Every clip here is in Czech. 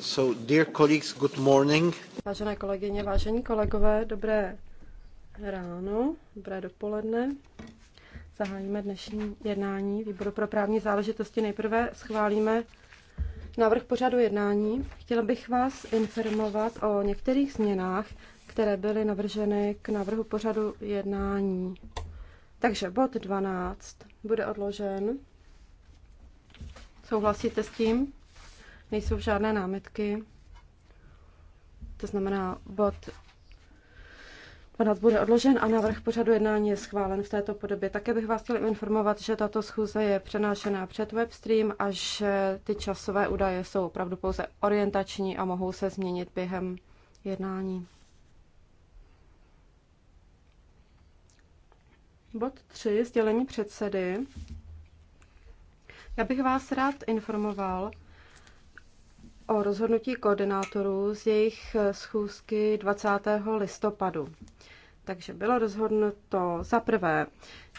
So, dear colleagues, good morning. Vážené kolegyně, vážení kolegové, dobré ráno, dobré dopoledne. Zahájíme dnešní jednání výboru pro právní záležitosti. Nejprve schválíme návrh pořadu jednání. Chtěla bych vás informovat o některých změnách, které byly navrženy k návrhu pořadu jednání. Takže bod 12 bude odložen. Souhlasíte s tím? nejsou žádné námitky. To znamená, bod 12 bude odložen a návrh pořadu jednání je schválen v této podobě. Také bych vás chtěl informovat, že tato schůze je přenášená před webstream a že ty časové údaje jsou opravdu pouze orientační a mohou se změnit během jednání. Bod 3. Sdělení předsedy. Já bych vás rád informoval, o rozhodnutí koordinátorů z jejich eh, schůzky 20. listopadu. Takže bylo rozhodnuto za prvé,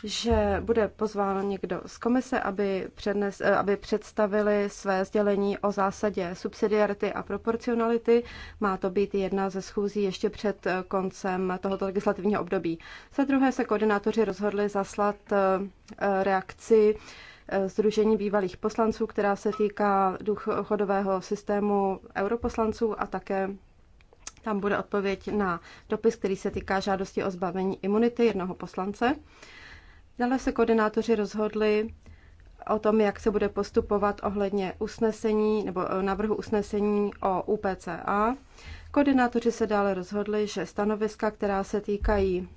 že bude pozván někdo z komise, aby, přednes, eh, aby představili své sdělení o zásadě subsidiarity a proporcionality. Má to být jedna ze schůzí ještě před eh, koncem tohoto legislativního období. Za druhé se koordinátoři rozhodli zaslat reakci Združení eh, bývalých poslanců, která se týká důchodového systému europoslanců a také tam bude odpověď na dopis, který se týká žádosti o zbavení imunity jednoho poslance. Dále se koordinátoři rozhodli o tom, jak se bude postupovat ohledně usnesení nebo eh, návrhu usnesení o UPCA. Koordinátoři se dále rozhodli, že stanoviska, která se týkají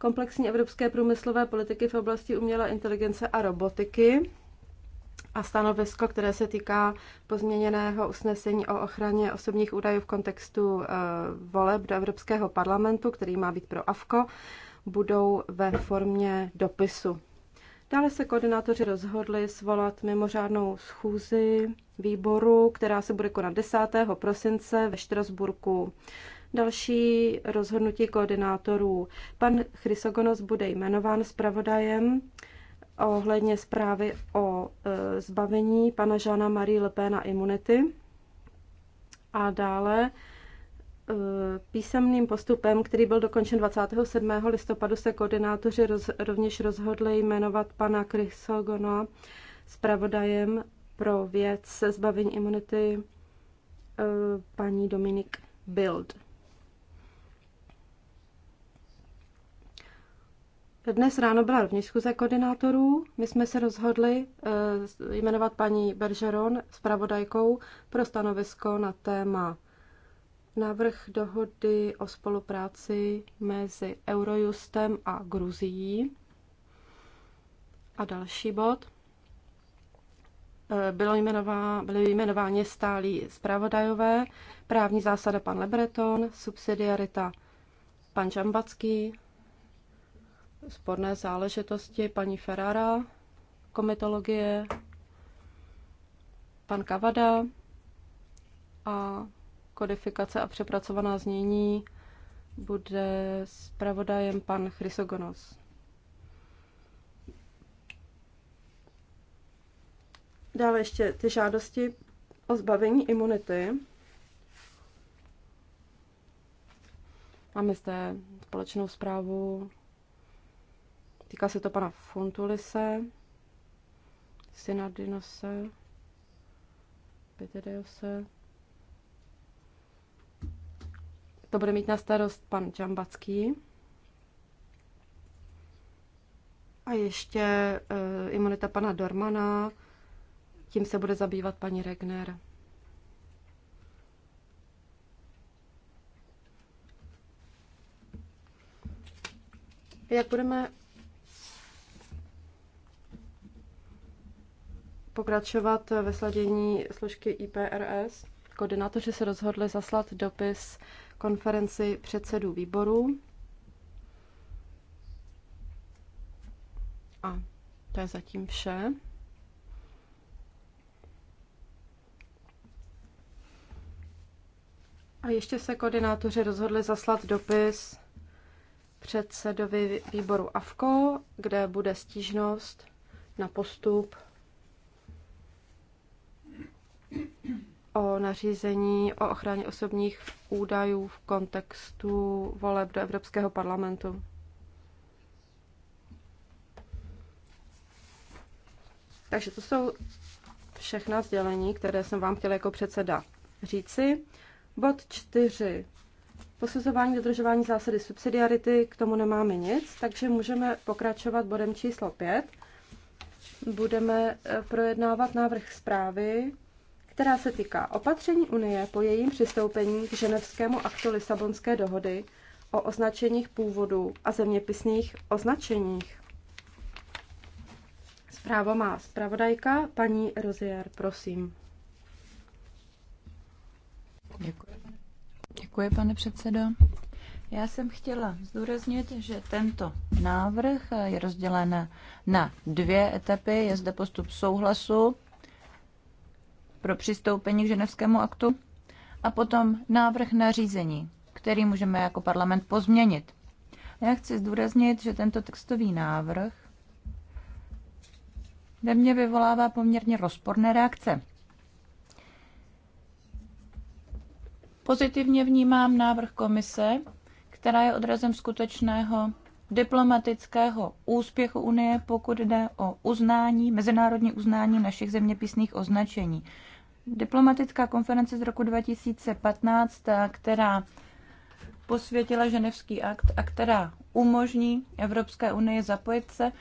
komplexní evropské průmyslové politiky v oblasti umělé inteligence a robotiky a stanovisko, které se týká pozměněného usnesení o ochraně osobních údajů v kontextu eh, voleb do Evropského parlamentu, který má být pro AFKO, budou ve formě dopisu. Dále se koordinátoři rozhodli svolat mimořádnou schůzi výboru, která se bude konat 10. prosince ve Štrasburku Další rozhodnutí koordinátorů. Pan Chrysogonos bude jmenován zpravodajem ohledně zprávy o e, zbavení pana Žána Marie Le Pena imunity. A dále e, písemným postupem, který byl dokončen 27. listopadu, se koordinátoři roz, rovněž rozhodli jmenovat pana Chrysogona zpravodajem pro věc se zbavení imunity e, paní Dominik Bild. Dnes ráno byla rovněž schůze koordinátorů. My jsme se rozhodli eh, jmenovat paní Beržeron zpravodajkou pro stanovisko na téma návrh dohody o spolupráci mezi Eurojustem a Gruzií. A další bod. Eh, bylo jmenová, byly jmenováni stálí zpravodajové, právní zásada pan Lebreton, subsidiarita pan Žambacký, sporné záležitosti paní Ferrara, komitologie, pan Kavada a kodifikace a přepracovaná znění bude zpravodajem pan Chrysogonos. Dále ještě ty žádosti o zbavení imunity. Máme zde společnou zprávu Týká se to pana Fontulise, Synardinose, Pitedeose. To bude mít na starost pan Čambacký. A ještě uh, imunita pana Dormana, tím se bude zabývat paní Regner. Jak budeme pokračovat ve sladění složky IPRS. Koordinátoři se rozhodli zaslat dopis konferenci předsedů výborů. A to je zatím vše. A ještě se koordinátoři rozhodli zaslat dopis předsedovi výboru AFKO, kde bude stížnost na postup o nařízení o ochraně osobních údajů v kontextu voleb do Evropského parlamentu. Takže to jsou všechna sdělení, které jsem vám chtěla jako předseda říci. Bod čtyři. Posuzování dodržování zásady subsidiarity, k tomu nemáme nic, takže můžeme pokračovat bodem číslo 5. Budeme eh, projednávat návrh zprávy která se týká opatření Unie po jejím přistoupení k ženevskému aktu Lisabonské dohody o označeních původu a zeměpisných označeních. Zprávo má zpravodajka paní Rozier, prosím. Děkuji. Děkuji, pane předsedo. Já jsem chtěla zdůraznit, že tento návrh je rozdělen na dvě etapy. Je zde postup souhlasu pro přistoupení k ženevskému aktu a potom návrh na řízení, který můžeme jako parlament pozměnit. Já chci zdůraznit, že tento textový návrh ve mně vyvolává poměrně rozporné reakce. Pozitivně vnímám návrh komise, která je odrazem skutečného diplomatického úspěchu Unie, pokud jde o uznání, mezinárodní uznání našich zeměpisných označení diplomatická konference z roku 2015, eh, která posvětila ženevský akt a která umožní Evropské unii zapojit se,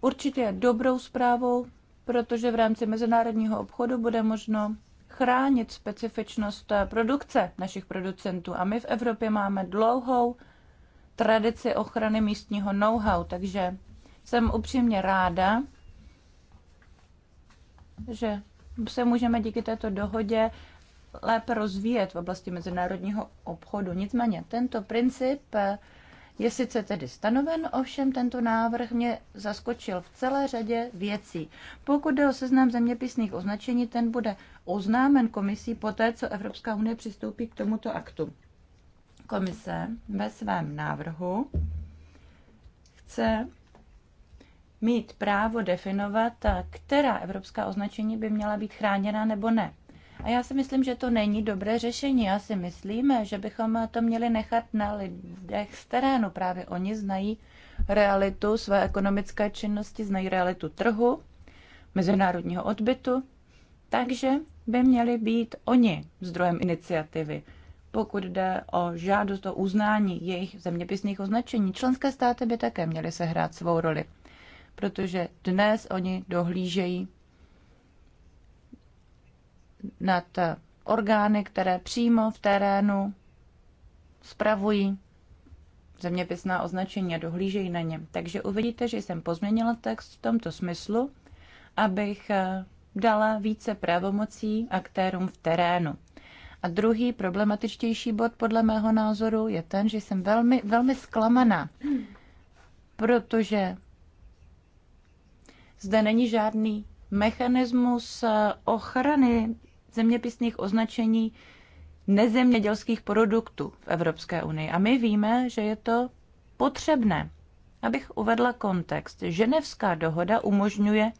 určitě je dobrou zprávou, protože v rámci mezinárodního obchodu bude možno chránit specifičnost eh, produkce našich producentů. A my v Evropě máme dlouhou tradici ochrany místního know-how, takže jsem upřímně ráda, že se můžeme díky této dohodě lépe rozvíjet v oblasti mezinárodního obchodu. Nicméně tento princip je sice tedy stanoven, ovšem tento návrh mě zaskočil v celé řadě věcí. Pokud jde o seznam zeměpisných označení, ten bude oznámen komisí poté, co Evropská unie přistoupí k tomuto aktu. Komise ve svém návrhu chce mít právo definovat, která evropská označení by měla být chráněna nebo ne. A já si myslím, že to není dobré řešení. Já si myslím, že bychom to měli nechat na lidech z terénu. Právě oni znají realitu své ekonomické činnosti, znají realitu trhu, mezinárodního odbytu, takže by měli být oni zdrojem iniciativy, pokud jde o žádost o uznání jejich zeměpisných označení. Členské státy by také měly sehrát svou roli protože dnes oni dohlížejí nad orgány, které přímo v terénu spravují zeměpisná označení a dohlížejí na ně. Takže uvidíte, že jsem pozměnila text v tomto smyslu, abych eh, dala více pravomocí aktérům v terénu. A druhý problematičtější bod podle mého názoru je ten, že jsem velmi, velmi zklamaná, protože zde není žádný mechanismus eh, ochrany zeměpisných označení nezemědělských produktů v Evropské unii. A my víme, že je to potřebné. Abych uvedla kontext, Ženevská dohoda umožňuje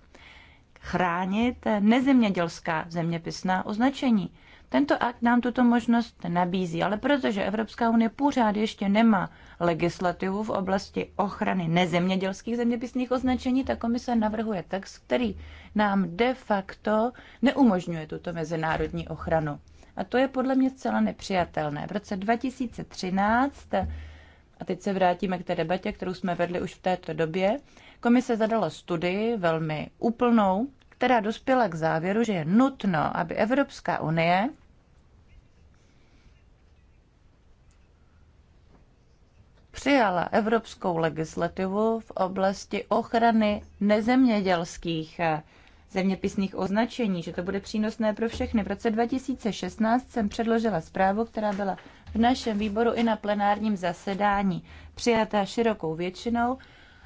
chránit nezemědělská zeměpisná označení. Tento akt nám tuto možnost nabízí, ale protože Evropská unie pořád ještě nemá legislativu v oblasti ochrany nezemědělských zeměpisných označení, ta komise navrhuje text, který nám de facto neumožňuje tuto mezinárodní ochranu. A to je podle mě zcela nepřijatelné. V roce 2013, a teď se vrátíme k té debatě, kterou jsme vedli už v této době, komise zadala studii velmi úplnou, která dospěla k závěru, že je nutno, aby Evropská unie přijala evropskou legislativu v oblasti ochrany nezemědělských eh, zeměpisných označení, že to bude přínosné pro všechny. V roce 2016 jsem předložila zprávu, která byla v našem výboru i na plenárním zasedání přijatá širokou většinou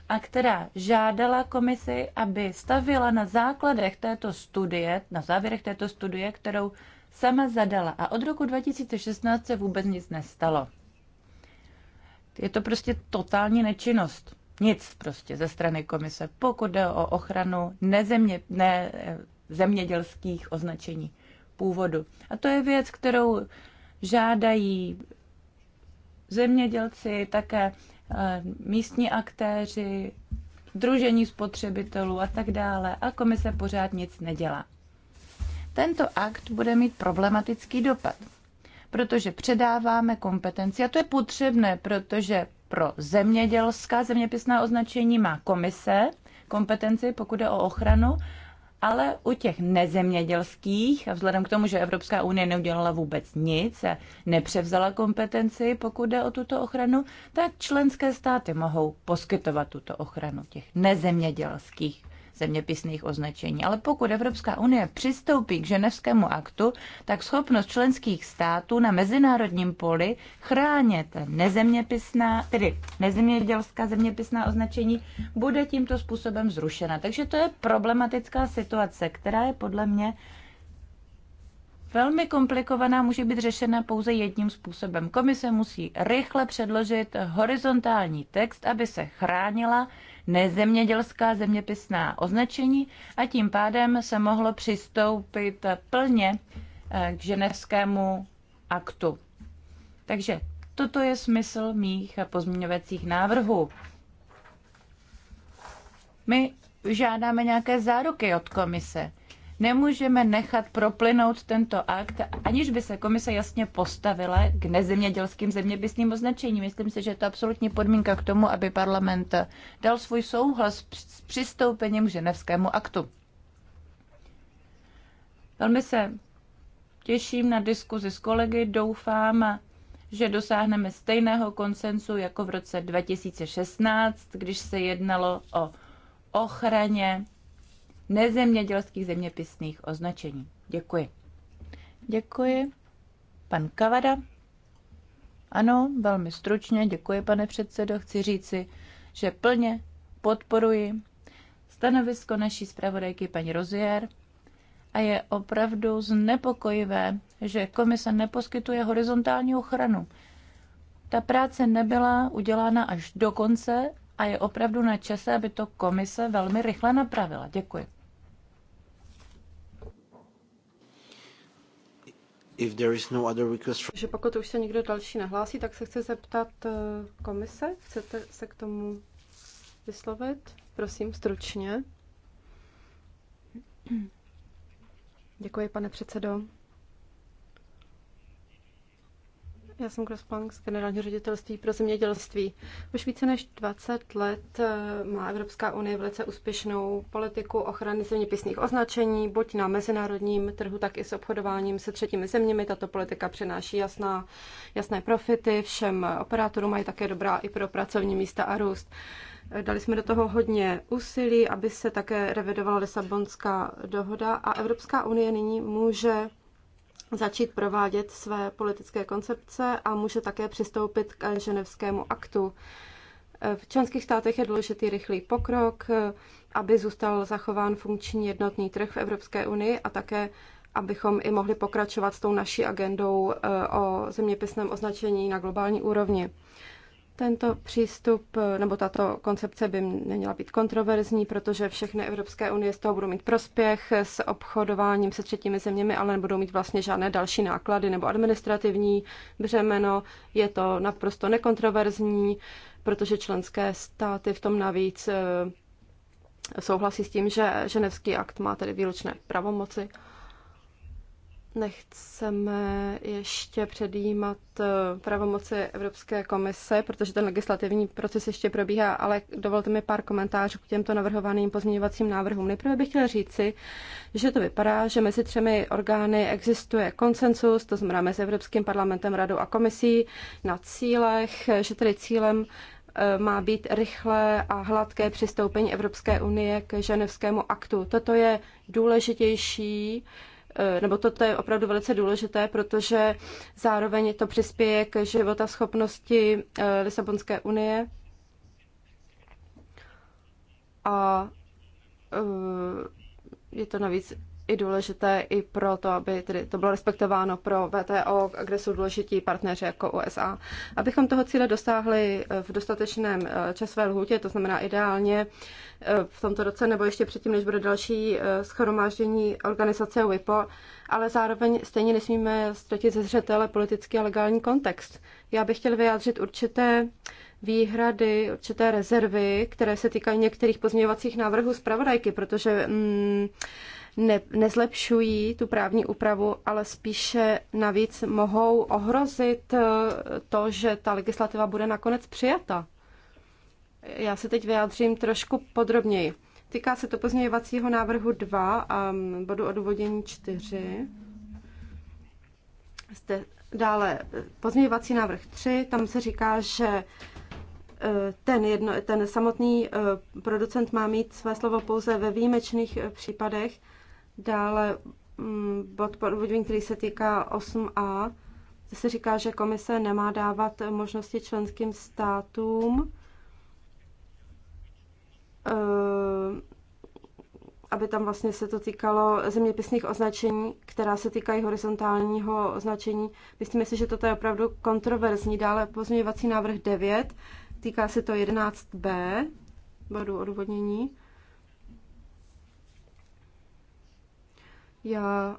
a která žádala komisi, aby stavila na základech této studie, na závěrech této studie, kterou sama zadala. A od roku 2016 se vůbec nic nestalo. Je to prostě totální nečinnost. Nic prostě ze strany komise, pokud jde o ochranu nezemě, ne, eh, zemědělských označení původu. A to je věc, kterou žádají zemědělci, také eh, místní aktéři, družení spotřebitelů a tak dále. A komise pořád nic nedělá. Tento akt bude mít problematický dopad protože předáváme kompetenci a to je potřebné, protože pro zemědělská zeměpisná označení má komise kompetenci, pokud je o ochranu, ale u těch nezemědělských, a vzhledem k tomu, že Evropská unie neudělala vůbec nic a nepřevzala kompetenci, pokud jde o tuto ochranu, tak členské státy mohou poskytovat tuto ochranu těch nezemědělských zeměpisných označení. Ale pokud Evropská unie přistoupí k ženevskému aktu, tak schopnost členských států na mezinárodním poli chránit nezeměpisná, tedy nezemědělská zeměpisná označení bude tímto způsobem zrušena. Takže to je problematická situace, která je podle mě velmi komplikovaná, může být řešena pouze jedním způsobem. Komise musí rychle předložit horizontální text, aby se chránila nezemědělská zeměpisná označení a tím pádem se mohlo přistoupit plně eh, k ženevskému aktu. Takže toto je smysl mých pozměňovacích návrhů. My žádáme nějaké záruky od komise. Nemůžeme nechat proplynout tento akt, aniž by se komise jasně postavila k nezemědělským zeměpisným označením. Myslím si, že je to absolutní podmínka k tomu, aby parlament dal svůj souhlas s přistoupením k ženevskému aktu. Velmi se těším na diskuzi s kolegy, doufám, že dosáhneme stejného konsensu jako v roce 2016, když se jednalo o ochraně nezemědělských zeměpisných označení. Děkuji. Děkuji. Pan Kavada. Ano, velmi stručně, děkuji, pane předsedo. Chci říci, že plně podporuji stanovisko naší zpravodajky paní Rozier a je opravdu znepokojivé, že komise neposkytuje horizontální ochranu. Ta práce nebyla udělána až do konce a je opravdu na čase, aby to komise velmi rychle napravila. Děkuji. If there is no other request Že pokud už se někdo další nehlásí, tak se chci zeptat eh, komise. Chcete se k tomu vyslovit? Prosím, stručně. Děkuji, pane předsedo. Já jsem Plank z generálního ředitelství pro zemědělství. Už více než 20 let eh, má Evropská unie velice úspěšnou politiku ochrany zeměpisných označení, buď na mezinárodním trhu, tak i s obchodováním se třetími zeměmi. Tato politika přináší jasná, jasné profity všem operátorům mají také dobrá i pro pracovní místa a růst. Dali jsme do toho hodně úsilí, aby se také revidovala Lisabonská dohoda a Evropská unie nyní může začít provádět své politické koncepce a může také přistoupit k ženevskému aktu. V členských státech je důležitý rychlý pokrok, aby zůstal zachován funkční jednotný trh v Evropské unii a také, abychom i mohli pokračovat s tou naší agendou eh, o zeměpisném označení na globální úrovni. Tento přístup nebo tato koncepce by neměla být kontroverzní, protože všechny Evropské unie z toho budou mít prospěch s obchodováním se třetími zeměmi, ale nebudou mít vlastně žádné další náklady nebo administrativní břemeno. Je to naprosto nekontroverzní, protože členské státy v tom navíc eh, souhlasí s tím, že ženevský akt má tedy výlučné pravomoci. Nechceme ještě předjímat eh, pravomoci Evropské komise, protože ten legislativní proces ještě probíhá, ale dovolte mi pár komentářů k těmto navrhovaným pozměňovacím návrhům. Nejprve bych chtěla říci, že to vypadá, že mezi třemi orgány existuje konsensus, to znamená mezi Evropským parlamentem, radou a komisí na cílech, že tedy cílem eh, má být rychlé a hladké přistoupení Evropské unie k ženevskému aktu. Toto je důležitější Eh, nebo toto je opravdu velice důležité, protože zároveň to přispěje k života schopnosti eh, Lisabonské unie. A eh, je to navíc i důležité i pro to, aby tedy to bylo respektováno pro VTO, kde jsou důležití partneři jako USA. Abychom toho cíle dosáhli eh, v dostatečném eh, časové lhůtě, to znamená ideálně eh, v tomto roce nebo ještě předtím, než bude další schromáždění organizace WIPO, ale zároveň stejně nesmíme ztratit ze zřetele politický a legální kontext. Já bych chtěl vyjádřit určité výhrady, určité rezervy, které se týkají některých pozměňovacích návrhů zpravodajky, protože mm, ne, nezlepšují tu právní úpravu, ale spíše navíc mohou ohrozit eh, to, že ta legislativa bude nakonec přijata. Já se teď vyjádřím trošku podrobněji. Týká se to pozměňovacího návrhu 2 a mm, bodu odůvodnění 4. Zde dále eh, pozměňovací návrh 3, tam se říká, že eh, ten, jedno, ten samotný producent má mít své slovo pouze ve výjimečných případech Dále mm, bod podvodní, který se týká 8a, se říká, že komise nemá dávat možnosti členským státům, eh, aby tam vlastně se to týkalo zeměpisných označení, která se týkají horizontálního označení. Myslíme si, že toto je opravdu kontroverzní. Dále pozměňovací návrh 9, týká se to 11b bodu odvodnění. Já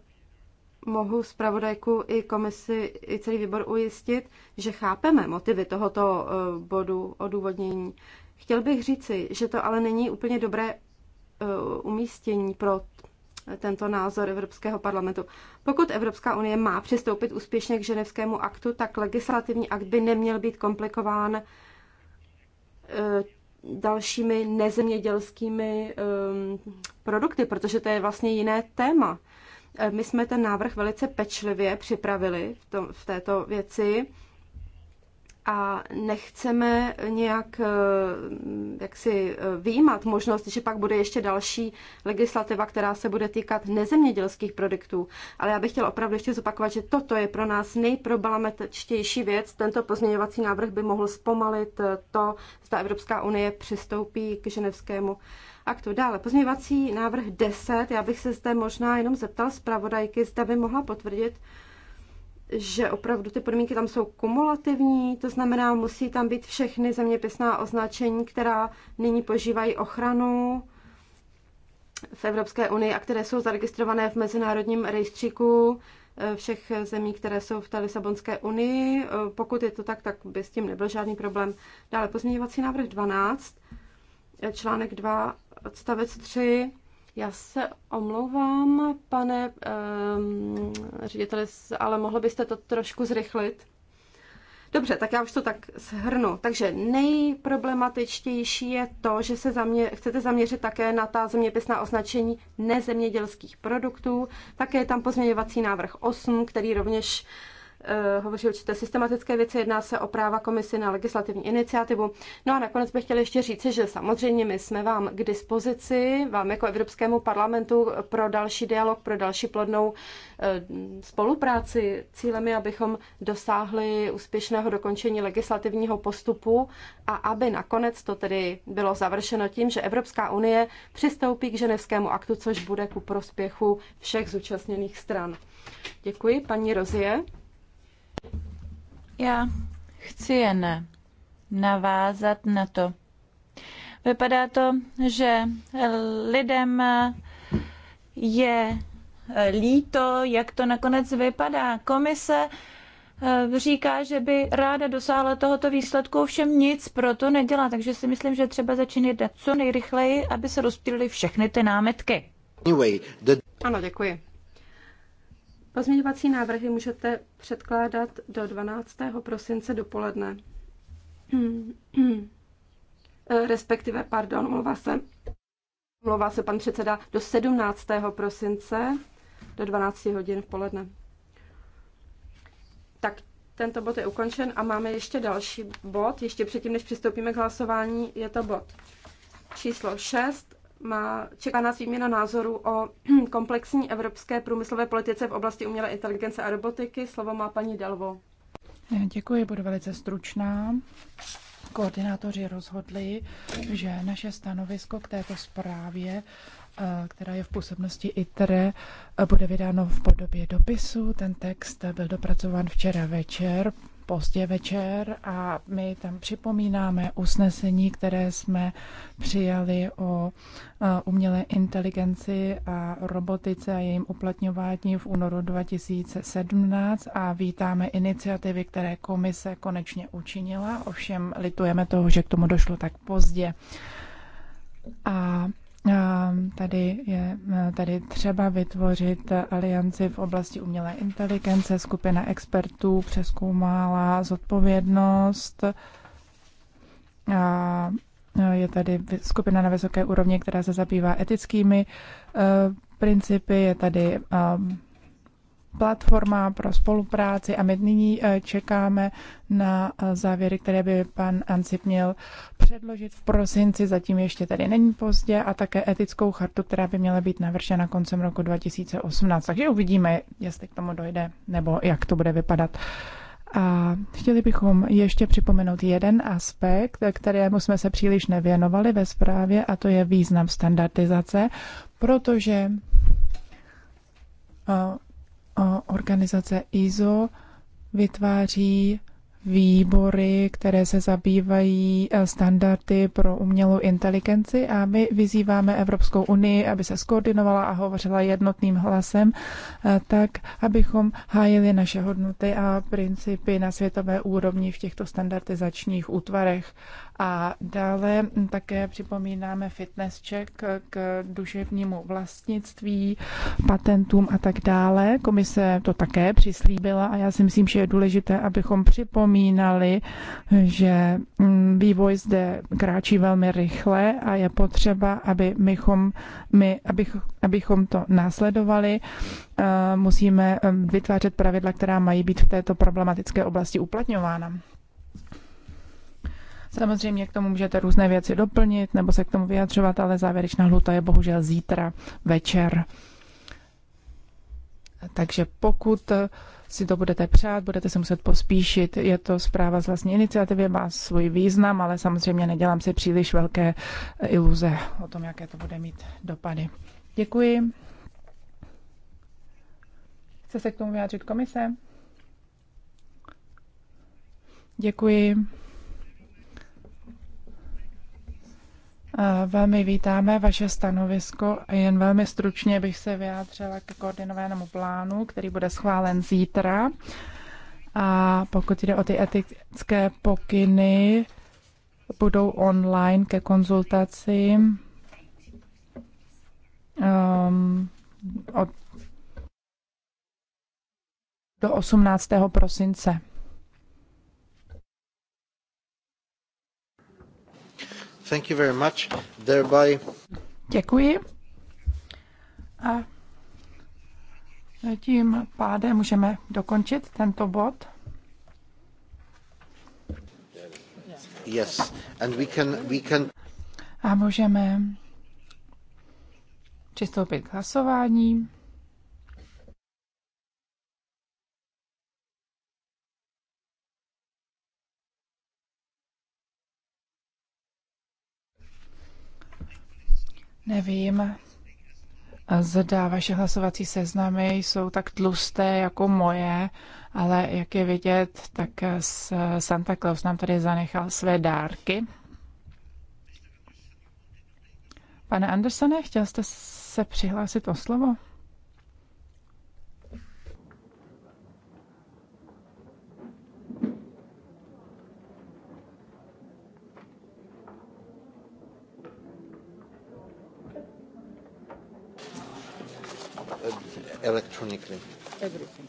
mohu zpravodajku i komisi, i celý výbor ujistit, že chápeme motivy tohoto eh, bodu odůvodnění. Chtěl bych říci, že to ale není úplně dobré eh, umístění pro tento názor Evropského parlamentu. Pokud Evropská unie má přistoupit úspěšně k ženevskému aktu, tak legislativní akt by neměl být komplikován eh, dalšími nezemědělskými ehm, produkty, protože to je vlastně jiné téma. Eh, my jsme ten návrh velice pečlivě připravili v, tom, v této věci a nechceme nějak eh, jaksi eh, výjímat možnost, že pak bude ještě další legislativa, která se bude týkat nezemědělských produktů. Ale já bych chtěla opravdu ještě zopakovat, že toto je pro nás nejproblematičtější věc. Tento pozměňovací návrh by mohl zpomalit eh, to, zda Evropská unie přistoupí k ženevskému aktu. Dále pozměňovací návrh 10. Já bych se zde možná jenom zeptal zpravodajky, zda by mohla potvrdit, že opravdu ty podmínky tam jsou kumulativní, to znamená, musí tam být všechny zeměpisná označení, která nyní požívají ochranu v Evropské unii a které jsou zaregistrované v mezinárodním rejstříku eh, všech zemí, které jsou v té Lisabonské unii. Eh, pokud je to tak, tak by s tím nebyl žádný problém. Dále pozměňovací návrh 12, eh, článek 2, odstavec 3 já se omlouvám, pane um, řediteli, ale mohl byste to trošku zrychlit? Dobře, tak já už to tak shrnu. Takže nejproblematičtější je to, že se zamě- chcete zaměřit také na ta zeměpisná označení nezemědělských produktů. Také je tam pozměňovací návrh 8, který rovněž uh, Eh, hovoří určité systematické věci, jedná se o práva komisy na legislativní iniciativu. No a nakonec bych chtěla ještě říci, že samozřejmě my jsme vám k dispozici, vám jako Evropskému parlamentu pro další dialog, pro další plodnou eh, spolupráci. Cílem je, abychom dosáhli úspěšného dokončení legislativního postupu a aby nakonec to tedy bylo završeno tím, že Evropská unie přistoupí k ženevskému aktu, což bude ku prospěchu všech zúčastněných stran. Děkuji, paní Rozie. Já chci jen navázat na to. Vypadá to, že lidem je líto, jak to nakonec vypadá. Komise eh, říká, že by ráda dosáhla tohoto výsledku, ovšem nic pro to nedělá, takže si myslím, že třeba začínat co nejrychleji, aby se rozptýlily všechny ty námitky. Anyway, the... Ano, děkuji. Pozměňovací návrhy můžete předkládat do 12. prosince dopoledne. Eh, respektive, pardon, mluvá se, mluvá se pan předseda do 17. prosince do 12 hodin v poledne. Tak tento bod je ukončen a máme ještě další bod. Ještě předtím, než přistoupíme k hlasování, je to bod číslo 6 má, čeká nás výměna názoru o komplexní evropské průmyslové politice v oblasti umělé inteligence a robotiky. Slovo má paní Delvo. Děkuji, budu velice stručná. Koordinátoři rozhodli, že naše stanovisko k této zprávě, eh, která je v působnosti ITRE, eh, bude vydáno v podobě dopisu. Ten text byl dopracován včera večer pozdě večer a my tam připomínáme usnesení, které jsme přijali o umělé inteligenci a robotice a jejím uplatňování v únoru 2017 a vítáme iniciativy, které komise konečně učinila, ovšem litujeme toho, že k tomu došlo tak pozdě. A Ehm, tady je eh, tady třeba vytvořit alianci v oblasti umělé inteligence. Skupina expertů přeskoumala zodpovědnost. A eh, je tady skupina na vysoké úrovni, která se zabývá etickými eh, principy. Je tady ehm, platforma pro spolupráci a my nyní eh, čekáme na eh, závěry, které by pan Ancip měl předložit v prosinci, zatím ještě tady není pozdě, a také etickou chartu, která by měla být navršena koncem roku 2018. Takže uvidíme, jestli k tomu dojde, nebo jak to bude vypadat. A chtěli bychom ještě připomenout jeden aspekt, kterému jsme se příliš nevěnovali ve zprávě, a to je význam standardizace, protože eh, organizace ISO vytváří výbory, které se zabývají eh, standardy pro umělou inteligenci a my vyzýváme Evropskou unii, aby se skoordinovala a hovořila jednotným hlasem, eh, tak abychom hájili naše hodnoty a principy na světové úrovni v těchto standardizačních útvarech. A dále také připomínáme fitness check k duševnímu vlastnictví, patentům a tak dále. Komise to také přislíbila a já si myslím, že je důležité, abychom připomínali, že mm, vývoj zde kráčí velmi rychle a je potřeba, aby mychom, my, abych, abychom to následovali. Eh, musíme eh, vytvářet pravidla, která mají být v této problematické oblasti uplatňována. Samozřejmě k tomu můžete různé věci doplnit nebo se k tomu vyjadřovat, ale závěrečná hluta je bohužel zítra večer. Takže pokud si to budete přát, budete se muset pospíšit. Je to zpráva z vlastní iniciativy, má svůj význam, ale samozřejmě nedělám si příliš velké iluze o tom, jaké to bude mít dopady. Děkuji. Chce se k tomu vyjádřit komise? Děkuji. Velmi vítáme vaše stanovisko a jen velmi stručně bych se vyjádřila k koordinovanému plánu, který bude schválen zítra. A pokud jde o ty etické pokyny, budou online ke konzultaci um, od, do 18. prosince. Děkuji. A tím pádem můžeme dokončit tento bod. Yes, and we can, we can... A můžeme přistoupit k hlasování. Nevím, zda vaše hlasovací seznamy jsou tak tlusté jako moje, ale jak je vidět, tak Santa Claus nám tady zanechal své dárky. Pane Andersone, chtěl jste se přihlásit o slovo? electronically? Everything.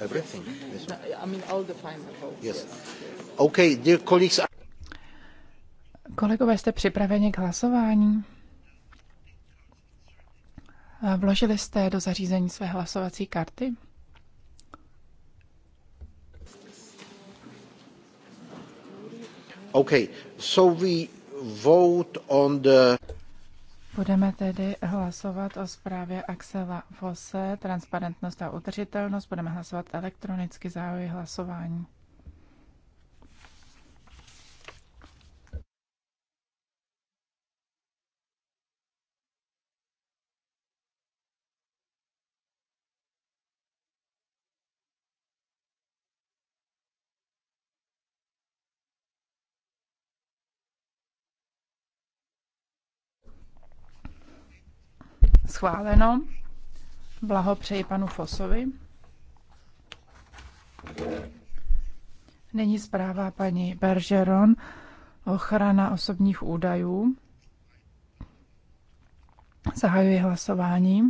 Everything? Yes. No, I mean all the final votes. Yes. yes. Okay, dear colleagues. Kolegové, jste připraveni k hlasování? Vložili jste do zařízení své hlasovací karty? Okay, so we vote on the... Budeme tedy hlasovat o zprávě Axela Fosse, transparentnost a udržitelnost. Budeme hlasovat elektronicky, zahajuji hlasování. Schváleno. Blahopřeji panu Fosovi. není zpráva paní Bergeron. Ochrana osobních údajů. Zahajuji hlasování.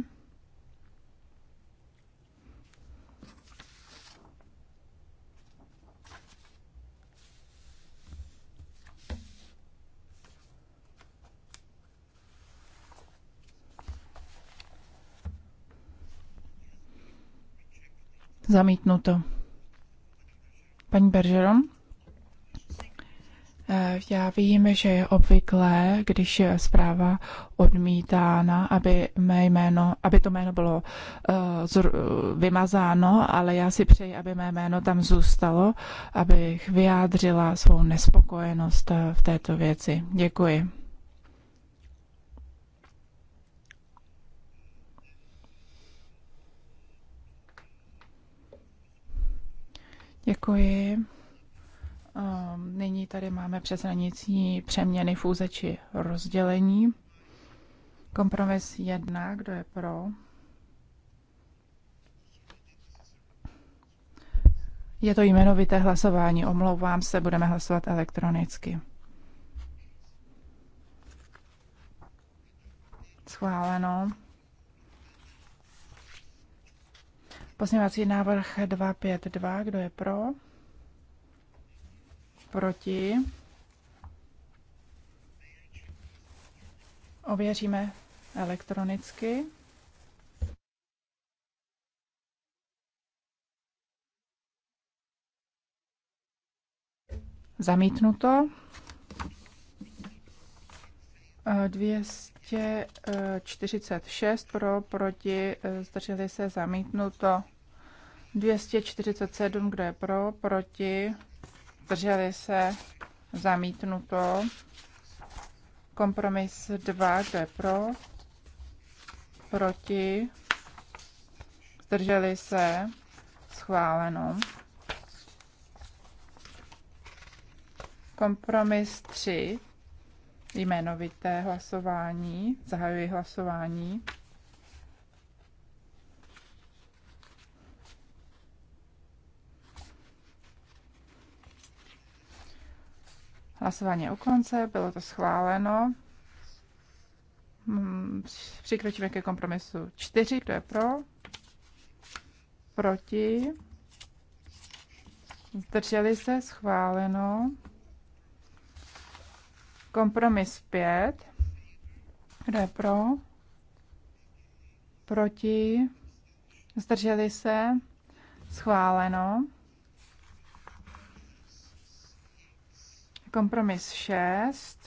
Zamítnuto. Paní Bergeron? Eh, já vím, že je obvyklé, když je zpráva odmítána, aby, mé jméno, aby to jméno bylo uh, vymazáno, ale já si přeji, aby mé jméno tam zůstalo, abych vyjádřila svou nespokojenost v této věci. Děkuji. Děkuji. Ehm, nyní tady máme přeshraniční přeměny fůze či rozdělení. Kompromis jedna, kdo je pro? Je to jmenovité hlasování, omlouvám se, budeme hlasovat elektronicky. Schváleno. Pozměňovací návrh 252, kdo je pro? Proti? Ověříme elektronicky. Zamítnuto. 246 pro, proti, zdrželi se zamítnuto. 247, kdo je pro, proti, zdrželi se, zamítnuto. Kompromis 2, kdo je pro, proti, zdrželi se, schváleno. Kompromis 3, jmenovité hlasování, zahajuji hlasování. Hlasování u konce, bylo to schváleno. Mm, přikročíme ke kompromisu 4, kdo je pro, proti, zdrželi se, schváleno. Kompromis 5, kdo je pro, proti, zdrželi se, schváleno. Kompromis 6.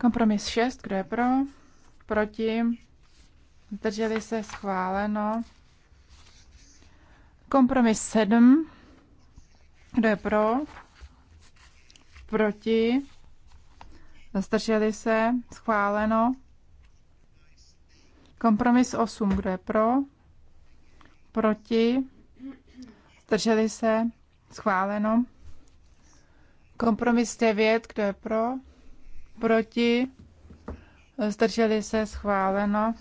Kompromis 6, kdo je pro? Proti? zdrželi se schváleno. Kompromis 7, kdo je pro, proti, zdrželi se schváleno. Kompromis 8, kdo je pro, proti, zdrželi se schváleno. Kompromis 9, kdo je pro, proti, zdrželi se schváleno.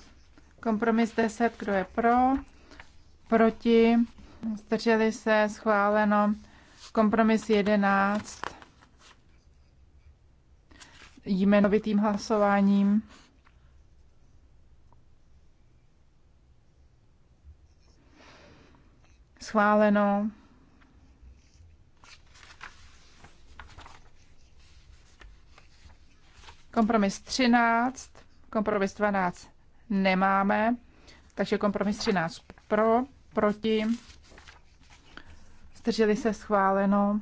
Kompromis 10, kdo je pro, proti, zdrželi se, schváleno. Kompromis 11 jmenovitým hlasováním. Schváleno. Kompromis 13, kompromis 12 nemáme, takže kompromis 13 pro, proti, zdrželi se schváleno.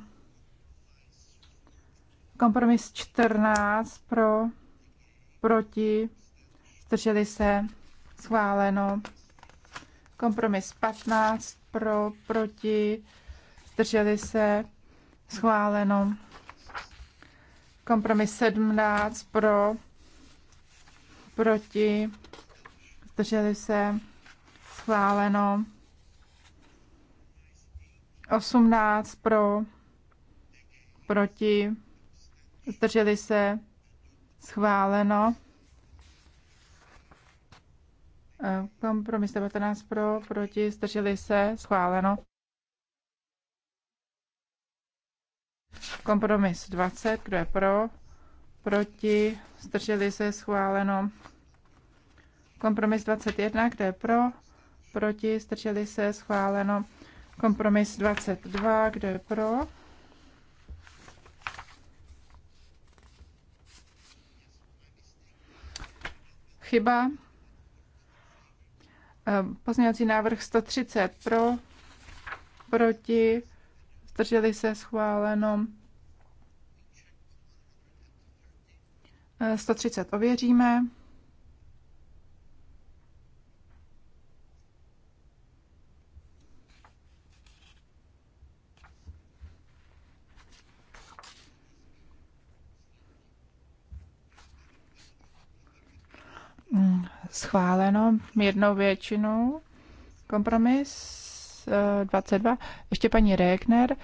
Kompromis 14 pro, proti, zdrželi se schváleno. Kompromis 15 pro, proti, zdrželi se schváleno. Kompromis 17 pro, proti, zdrželi se, schváleno. 18 e, pro, proti, zdrželi se, schváleno. Kompromis 19 pro, proti, zdrželi se, schváleno. Kompromis 20, kdo je pro, proti, zdrželi se, schváleno. Kompromis 21, kdo je pro, proti, zdrželi se, schváleno. Kompromis 22, kdo je pro, chyba. Ehm, pozměňovací návrh 130 pro, proti, zdrželi se schváleno. 130 ehm, ověříme. schváleno jednou většinou. Kompromis 22. Eh, Ještě paní Regner.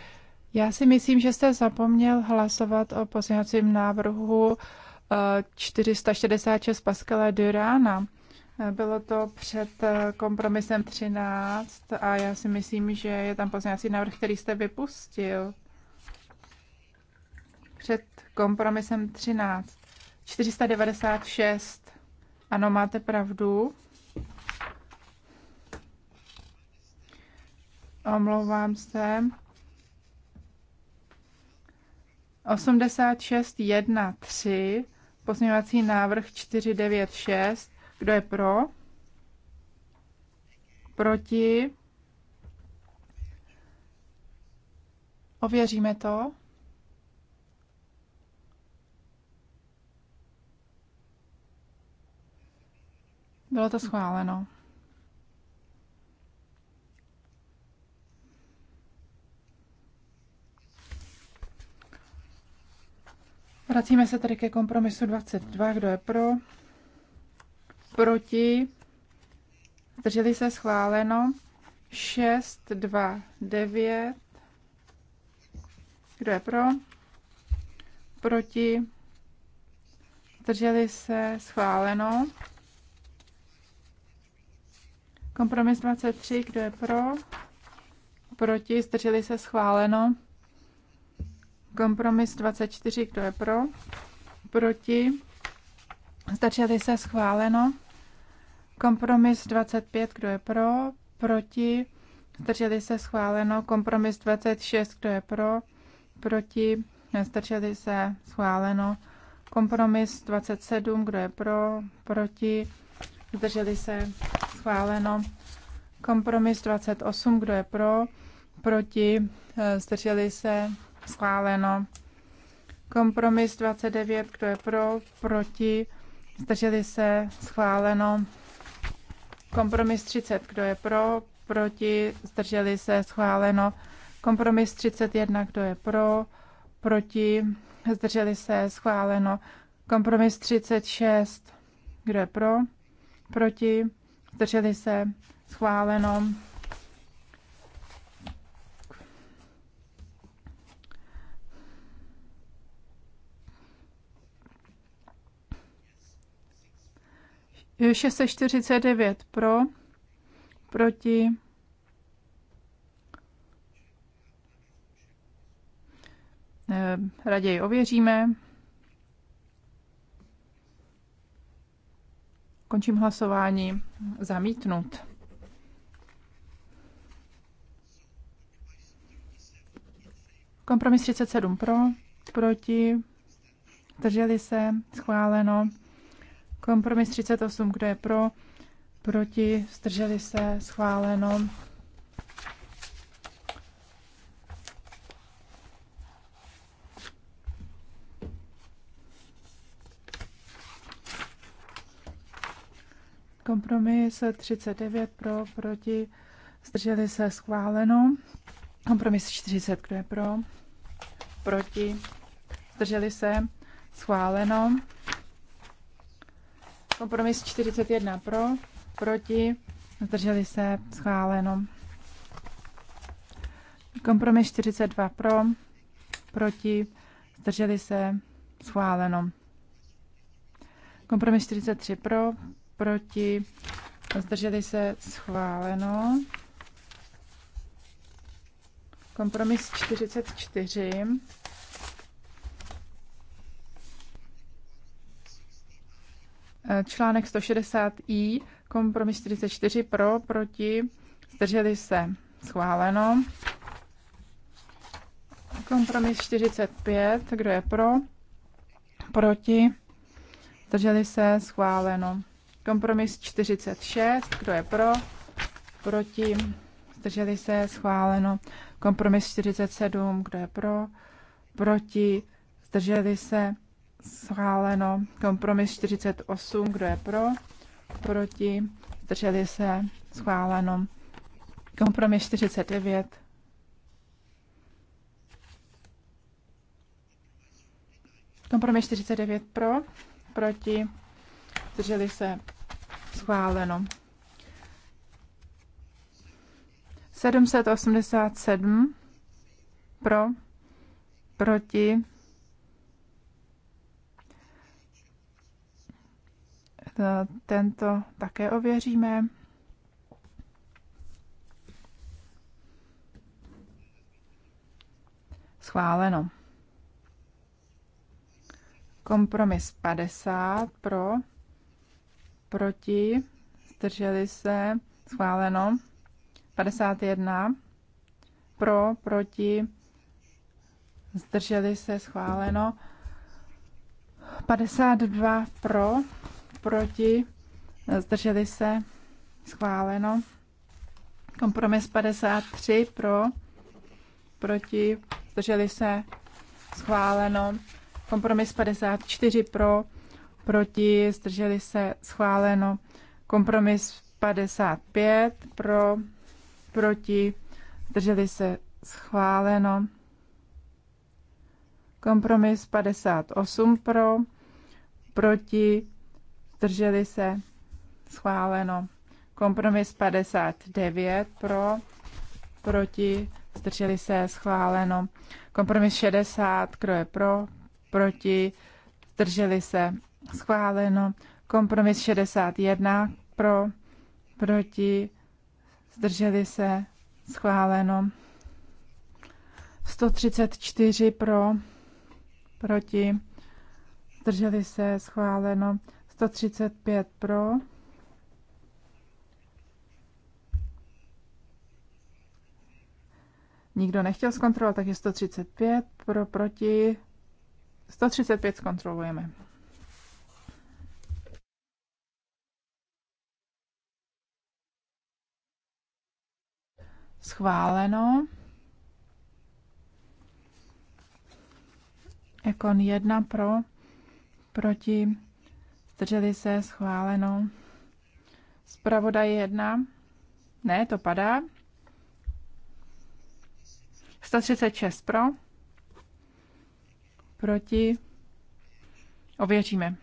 Já si myslím, že jste zapomněl hlasovat o pozměňovacím návrhu 466 eh, Pascala Durána. Eh, bylo to před kompromisem 13 a já si myslím, že je tam pozměňovací návrh, který jste vypustil. Před kompromisem 13. 496. Ano, máte pravdu. Omlouvám se. 86.1.3, pozměňovací návrh 496. Kdo je pro? Proti? Ověříme to. Bylo to schváleno. Vracíme se tedy ke kompromisu 22. Kdo je pro? Proti? Zdrželi se schváleno 6, 2, 9. Kdo je pro? Proti? Zdrželi se schváleno Kompromis 23, kdo je pro? Proti, zdrželi se schváleno. Kompromis 24, kdo je pro? Proti, zdrželi se schváleno. Kompromis 25, kdo je pro? Proti, zdrželi se schváleno. Kompromis 26, kdo je pro? Proti, zdrželi se schváleno. Kompromis 27, kdo je pro? Proti, zdrželi se schváleno. Kompromis 28, eh, kdo je pro, proti, zdrželi se, schváleno. Kompromis 29, kdo je pro, proti, zdrželi se, schváleno. Kompromis 30, kdo je pro, proti, zdrželi se, schváleno. Kompromis 31, kdo je pro, proti, zdrželi se, schváleno. Kompromis 36, kdo je pro, proti, zdrželi se, schváleno. Je 649 pro, proti. Eh, raději ověříme. Končím hlasování. Zamítnut. Kompromis 37 pro, proti, drželi se, schváleno. Kompromis 38, kdo je pro, proti, zdrželi se, schváleno. Kompromis 39 pro, proti, zdrželi se schváleno. Kompromis 40, kdo je pro, proti, zdrželi se schváleno. Kompromis 41 pro, proti, zdrželi se schváleno. Kompromis 42 pro, proti, zdrželi se schváleno. Kompromis 43 pro, proti, zdrželi se schváleno. Kompromis 44. Článek 160i, kompromis 44 pro, proti, zdrželi se schváleno. Kompromis 45, kdo je pro, proti, zdrželi se schváleno. Kompromis 46, kdo je pro, proti, zdrželi se, schváleno. Kompromis 47, kdo je pro, proti, zdrželi se, schváleno. Kompromis 48, kdo je pro, proti, zdrželi se, schváleno. Kompromis 49. Kompromis 49 pro, proti, zdrželi se, schváleno. 787 pro, proti, e, tento také ověříme. Schváleno. Kompromis 50 pro, proti, zdrželi se, schváleno. 51 pro, proti, zdrželi se, schváleno. 52 pro, proti, zdrželi se, schváleno. Kompromis 53 pro, proti, zdrželi se, schváleno. Kompromis 54 pro, proti, zdrželi se, schváleno. Kompromis 55 pro, proti, zdrželi se, schváleno. Kompromis 58 pro, proti, zdrželi se, schváleno. Kompromis 59 pro, proti, zdrželi se, schváleno. Kompromis 60, kdo je pro, proti, zdrželi se, schváleno. Kompromis 61 pro, proti, zdrželi se, schváleno. 134 pro, proti, zdrželi se, schváleno. 135 pro, Nikdo nechtěl zkontrolovat, takže 135 pro proti. 135 zkontrolujeme. schváleno. Ekon 1 pro, proti, zdrželi se, schváleno. Zpravodaj 1, ne, to padá. 136 pro, proti, ověříme.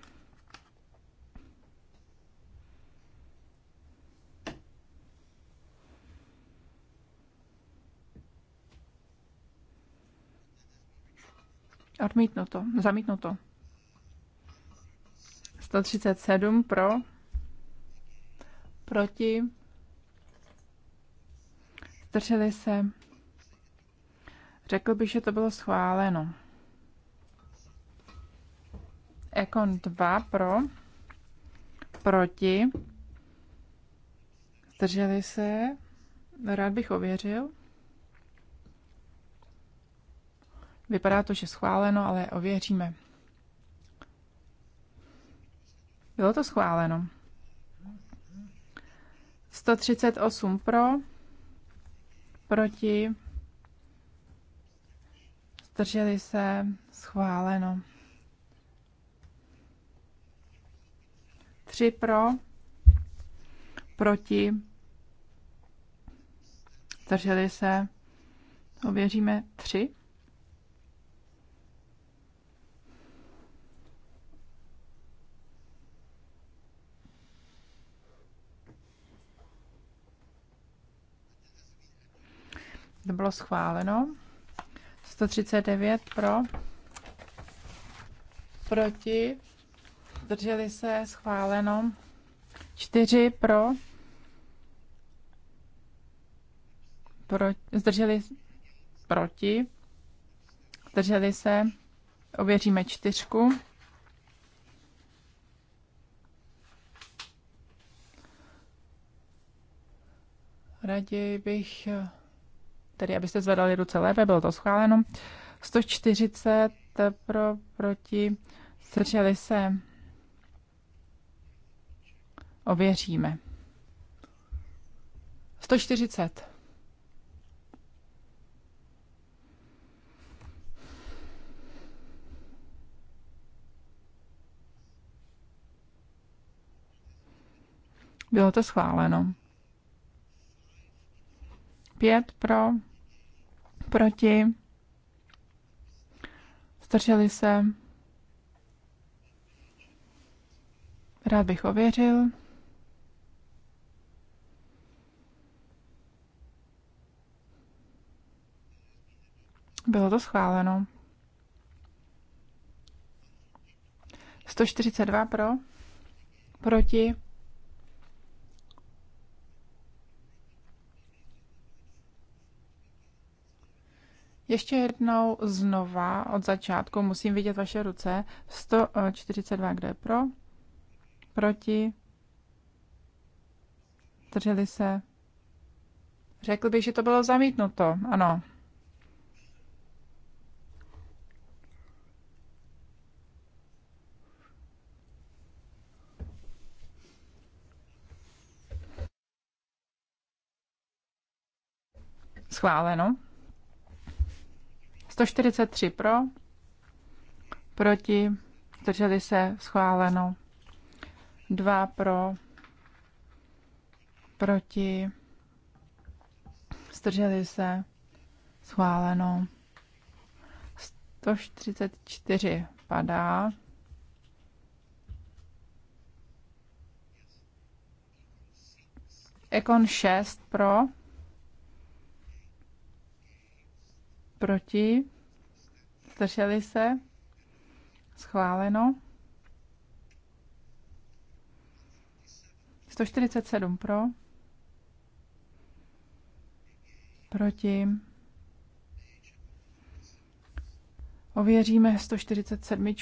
Odmítnu to, zamítnu to. 137 pro. Proti. Zdrželi se. Řekl bych, že to bylo schváleno. Ekon 2 pro. Proti. Zdrželi se. Rád bych ověřil. Vypadá to, že schváleno, ale ověříme. Bylo to schváleno. 138 pro, proti, zdrželi se, schváleno. 3 pro, proti, zdrželi se, ověříme 3. To bylo schváleno. 139 pro. Proti. Drželi se schváleno. 4 pro. pro zdrželi proti. Zdrželi se. Ověříme čtyřku. Raději bych tedy abyste zvedali ruce lépe, bylo to schváleno. 140 pro, proti, zdrželi se. Ověříme. 140. Bylo to schváleno. Pět pro, proti, zdrželi se. Rád bych ověřil. Bylo to schváleno. 142 pro, proti, Ještě jednou znova od začátku musím vidět vaše ruce. 142, kde je pro? Proti? Drželi se? Řekl bych, že to bylo zamítnuto. Ano. Schváleno. 143 pro, proti, drželi se, schváleno. 2 pro, proti, zdrželi se, schváleno. 144 padá. Ekon 6 pro, proti, zdrželi se, schváleno. 147 pro, proti, ověříme 147.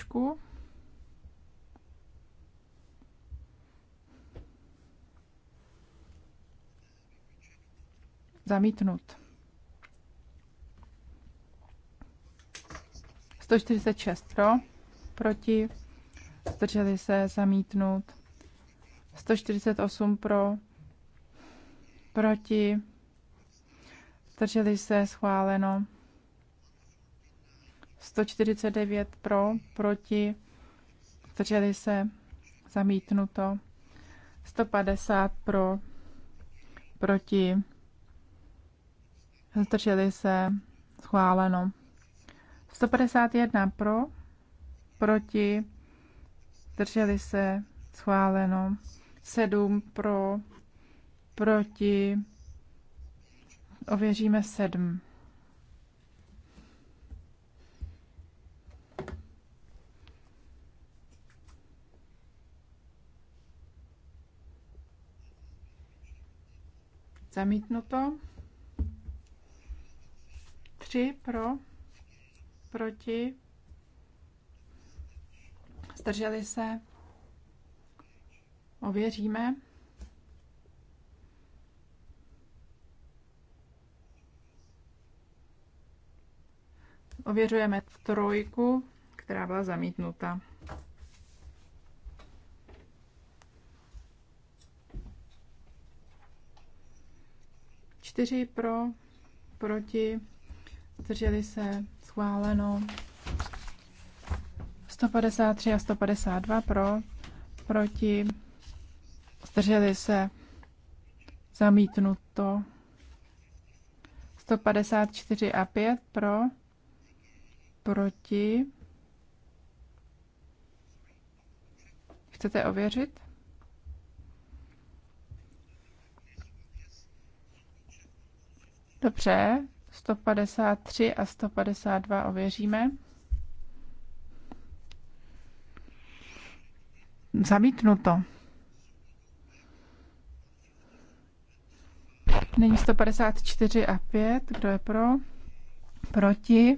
Zamítnut. 146 pro, proti, zdrželi se, zamítnout. 148 pro, proti, zdrželi se, schváleno. 149 pro, proti, zdrželi se, zamítnuto. 150 pro, proti, zdrželi se, schváleno. 151 pro, proti, zdrželi se, schváleno. 7 pro, proti, ověříme 7. Zamítnuto. 3 pro, proti, zdrželi se, ověříme. Ověřujeme trojku, která byla zamítnuta. Čtyři pro, proti, zdrželi se, schváleno. 153 a 152 pro, proti, zdrželi se, zamítnuto. 154 a 5 pro, proti. Chcete ověřit? Dobře, 153 a 152 ověříme. Zamítnuto. Není 154 a 5. Kdo je pro? Proti?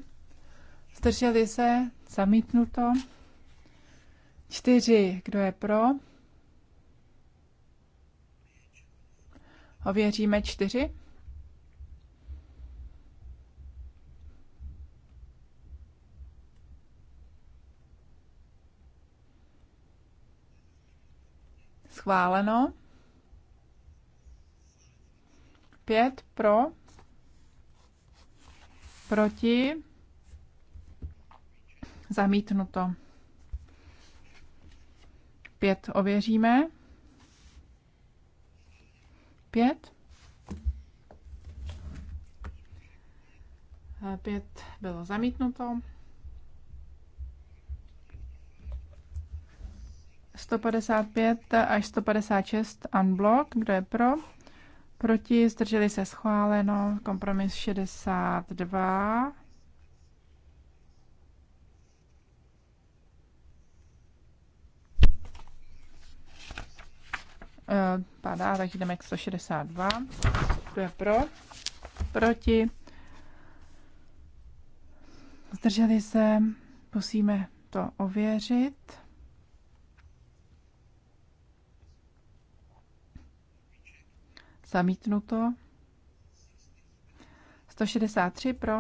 Zdrželi se? Zamítnuto. 4. Kdo je pro? Ověříme 4. Schváleno. Pět pro. Proti. Zamítnuto. Pět ověříme. Pět. Pět bylo zamítnuto. 155 až 156 unblock, kdo je pro? Proti, zdrželi se schváleno, kompromis 62. Eh, padá, takže jdeme k 162. Kdo je pro? Proti. Zdrželi se, musíme to ověřit. Zamítnuto. 163 pro.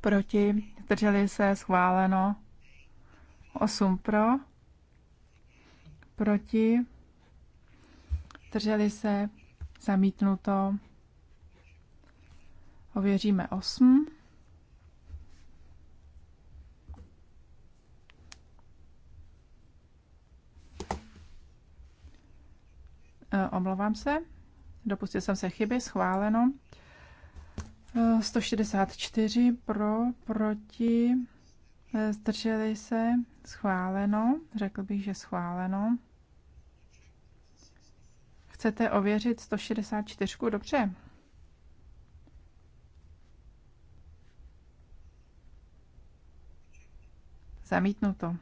Proti. Drželi se. Schváleno. 8 pro. Proti. Drželi se. Zamítnuto. Ověříme 8. Eh, omlouvám se, dopustil jsem se chyby, schváleno. 164 eh, pro, proti, eh, zdrželi se, schváleno, řekl bych, že schváleno. Chcete ověřit 164? Dobře. Zamítnuto.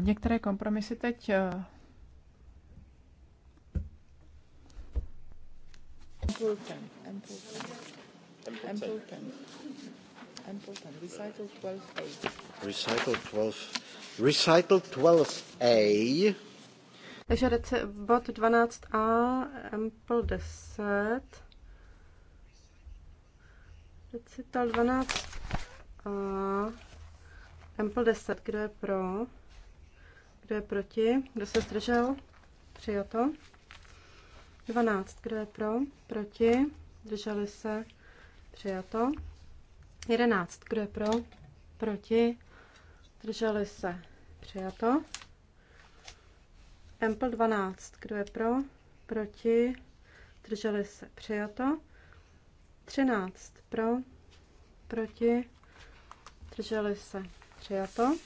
některé kompromisy teď eh, Recycle 12A. Takže 12. bod 12a, Ample 10. Recital 12a, Ample 10, kdo je pro? Kdo je proti? Kdo se zdržel? Přijato. 12. Kdo je pro? Proti? Drželi se? Přijato. 11. Kdo je pro? Proti? Drželi se? Přijato. Ample 12. Kdo je pro? Proti? Drželi se? Přijato. 13. Pro? Proti? Drželi se? Přijato.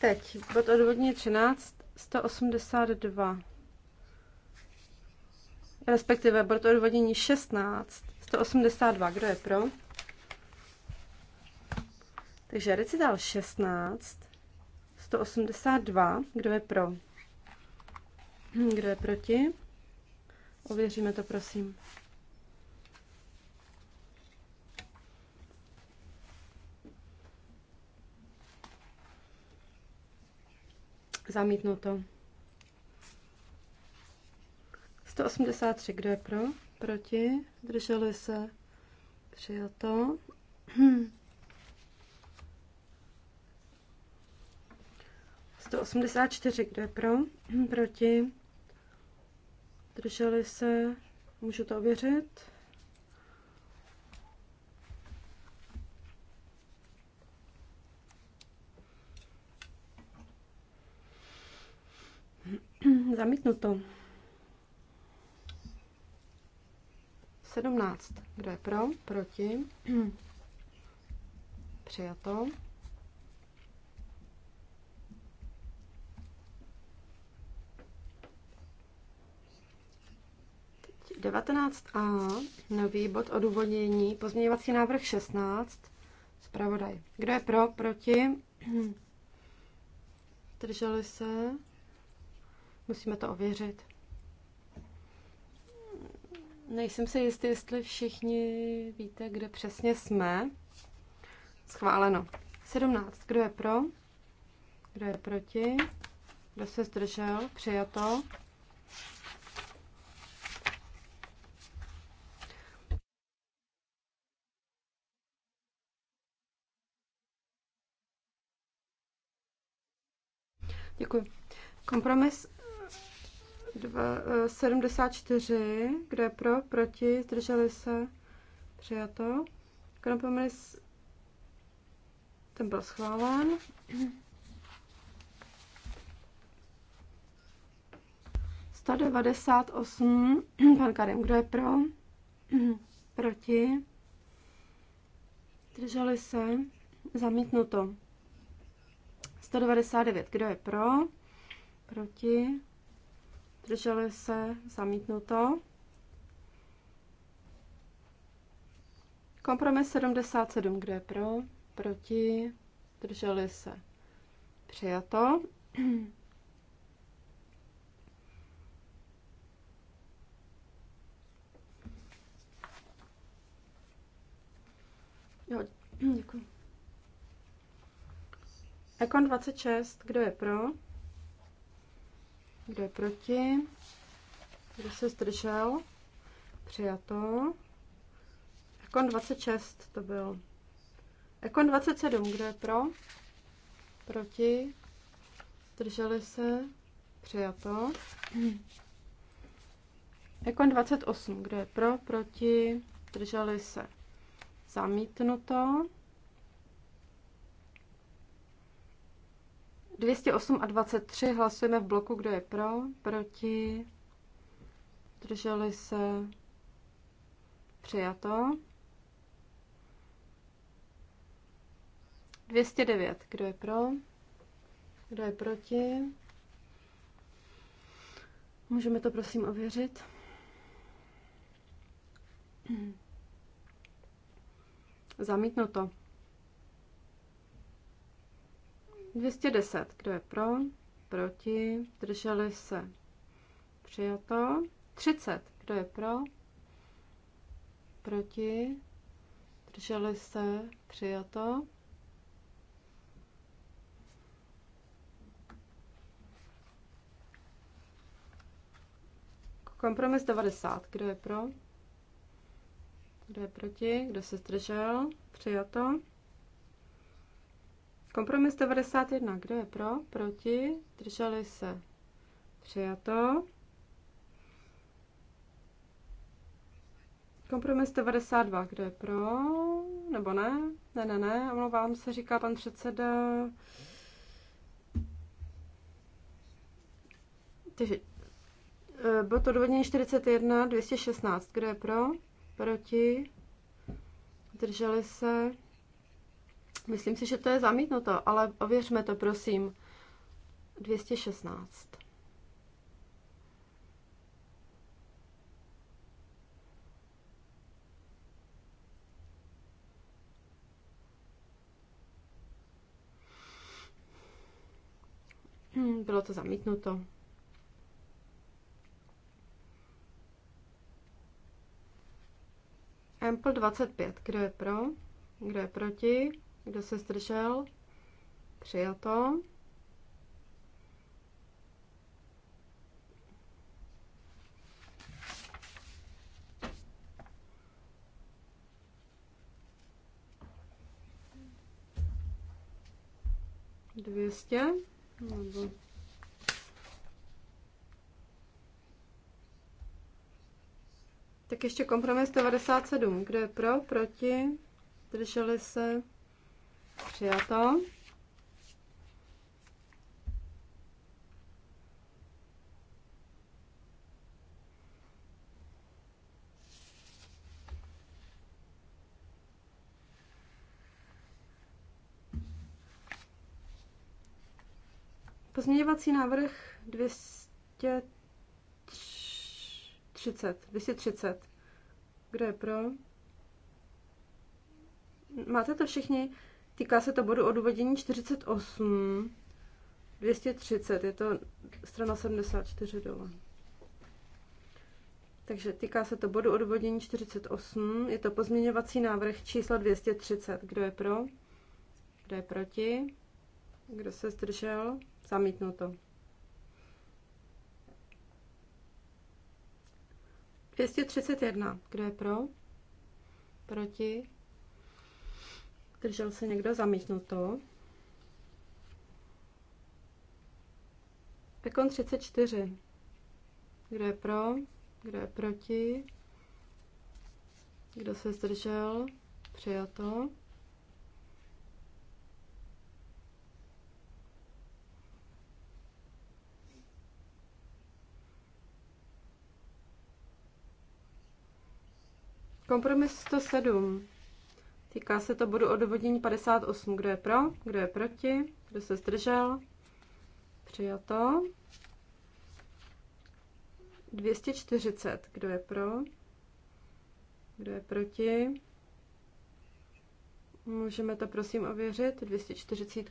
Teď bod odvodně 13, 182. Respektive bod odvodnění 16, 182. Kdo je pro? Takže recital 16, 182. Kdo je pro? Kdo je proti? Ověříme to, prosím. Zamítnuto. 183, kdo je pro? Proti? Drželi se? Hm. 184, kdo je pro? Proti? Drželi se? Můžu to ověřit? Zamítnuto. 17. Kdo je pro? Proti? Přijato. Teď 19a, nový bod odůvodnění, pozměňovací návrh 16, zpravodaj. Kdo je pro, proti? Drželi se? Musíme to ověřit. Nejsem si jistý, jestli všichni víte, kde přesně jsme. Schváleno. 17. Kdo je pro? Kdo je proti? Kdo se zdržel? Přijato. Děkuji. Kompromis 74, eh, kdo je pro, proti, zdrželi se, přijato. Kompromis, ten byl schválen. Sta devadesát osm, pan Karim, kdo je pro, proti, zdrželi se, zamítnuto. 199, kdo je pro, proti, zdrželi se, zamítnuto. Kompromis 77, kde je pro, proti, zdrželi se, přijato. Jo, děkuji. Ekon 26, kdo je pro? Kdo je proti? Kdo se zdržel? Přijato. Ekon 26 to byl. Ekon 27, kdo je pro? Proti? Zdrželi se? Přijato. Ekon 28, kdo je pro? Proti? Zdrželi se? Zamítnuto. 208 a 23 hlasujeme v bloku, kdo je pro, proti, drželi se, přijato. 209, kdo je pro, kdo je proti. Můžeme to prosím ověřit. Zamítnuto. 210. Kdo je pro? Proti? Drželi se? Přijato. 30. Kdo je pro? Proti? Drželi se? Přijato. Kompromis 90. Kdo je pro? Kdo je proti? Kdo se zdržel? Přijato. Kompromis 91. Kdo je pro? Proti? Drželi se? Přijato. Kompromis 92. Kdo je pro? Nebo ne? Ne, ne, ne. Omlouvám se, říká pan předseda. Takže eh, bylo to odvodnění 41, 216. Kdo je pro? Proti? Drželi se? Myslím si, že to je zamítnuto, ale ověřme to, prosím. 216. Hmm, bylo to zamítnuto. Ample 25. Kdo je pro? Kdo je proti? Kdo se zdržel? Přijel to. Dvěstě. Nebo... Tak ještě kompromis 97. Kdo je pro, proti? Drželi se? Přijato. Pozměňovací návrh 230. 230. Kdo je pro? Máte to všichni? Týká se to bodu odůvodnění 48, 230, je to strana 74 dole. Takže týká se to bodu odvodnění 48, je to pozměňovací návrh číslo 230. Kdo je pro? Kdo je proti? Kdo se zdržel? Zamítnuto. 231. Kdo je pro? Proti? Držel se někdo zamítnuto? Pekon 34. Kdo je pro? Kdo je proti? Kdo se zdržel? Přijato. Kompromis 107. Týká se to bodu odvodění 58. Kdo je pro? Kdo je proti? Kdo se zdržel? Přijato. 240. Kdo je pro? Kdo je proti? Můžeme to prosím ověřit, 240.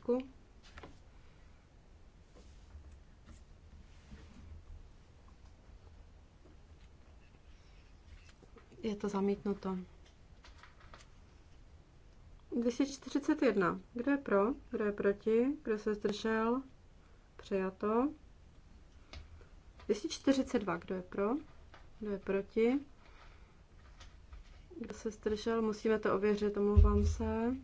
Je to zamítnuto. 241. Kdo je pro? Kdo je proti? Kdo se zdržel? Přijato. 242. Kdo je pro? Kdo je proti? Kdo se zdržel? Musíme to ověřit, omlouvám se.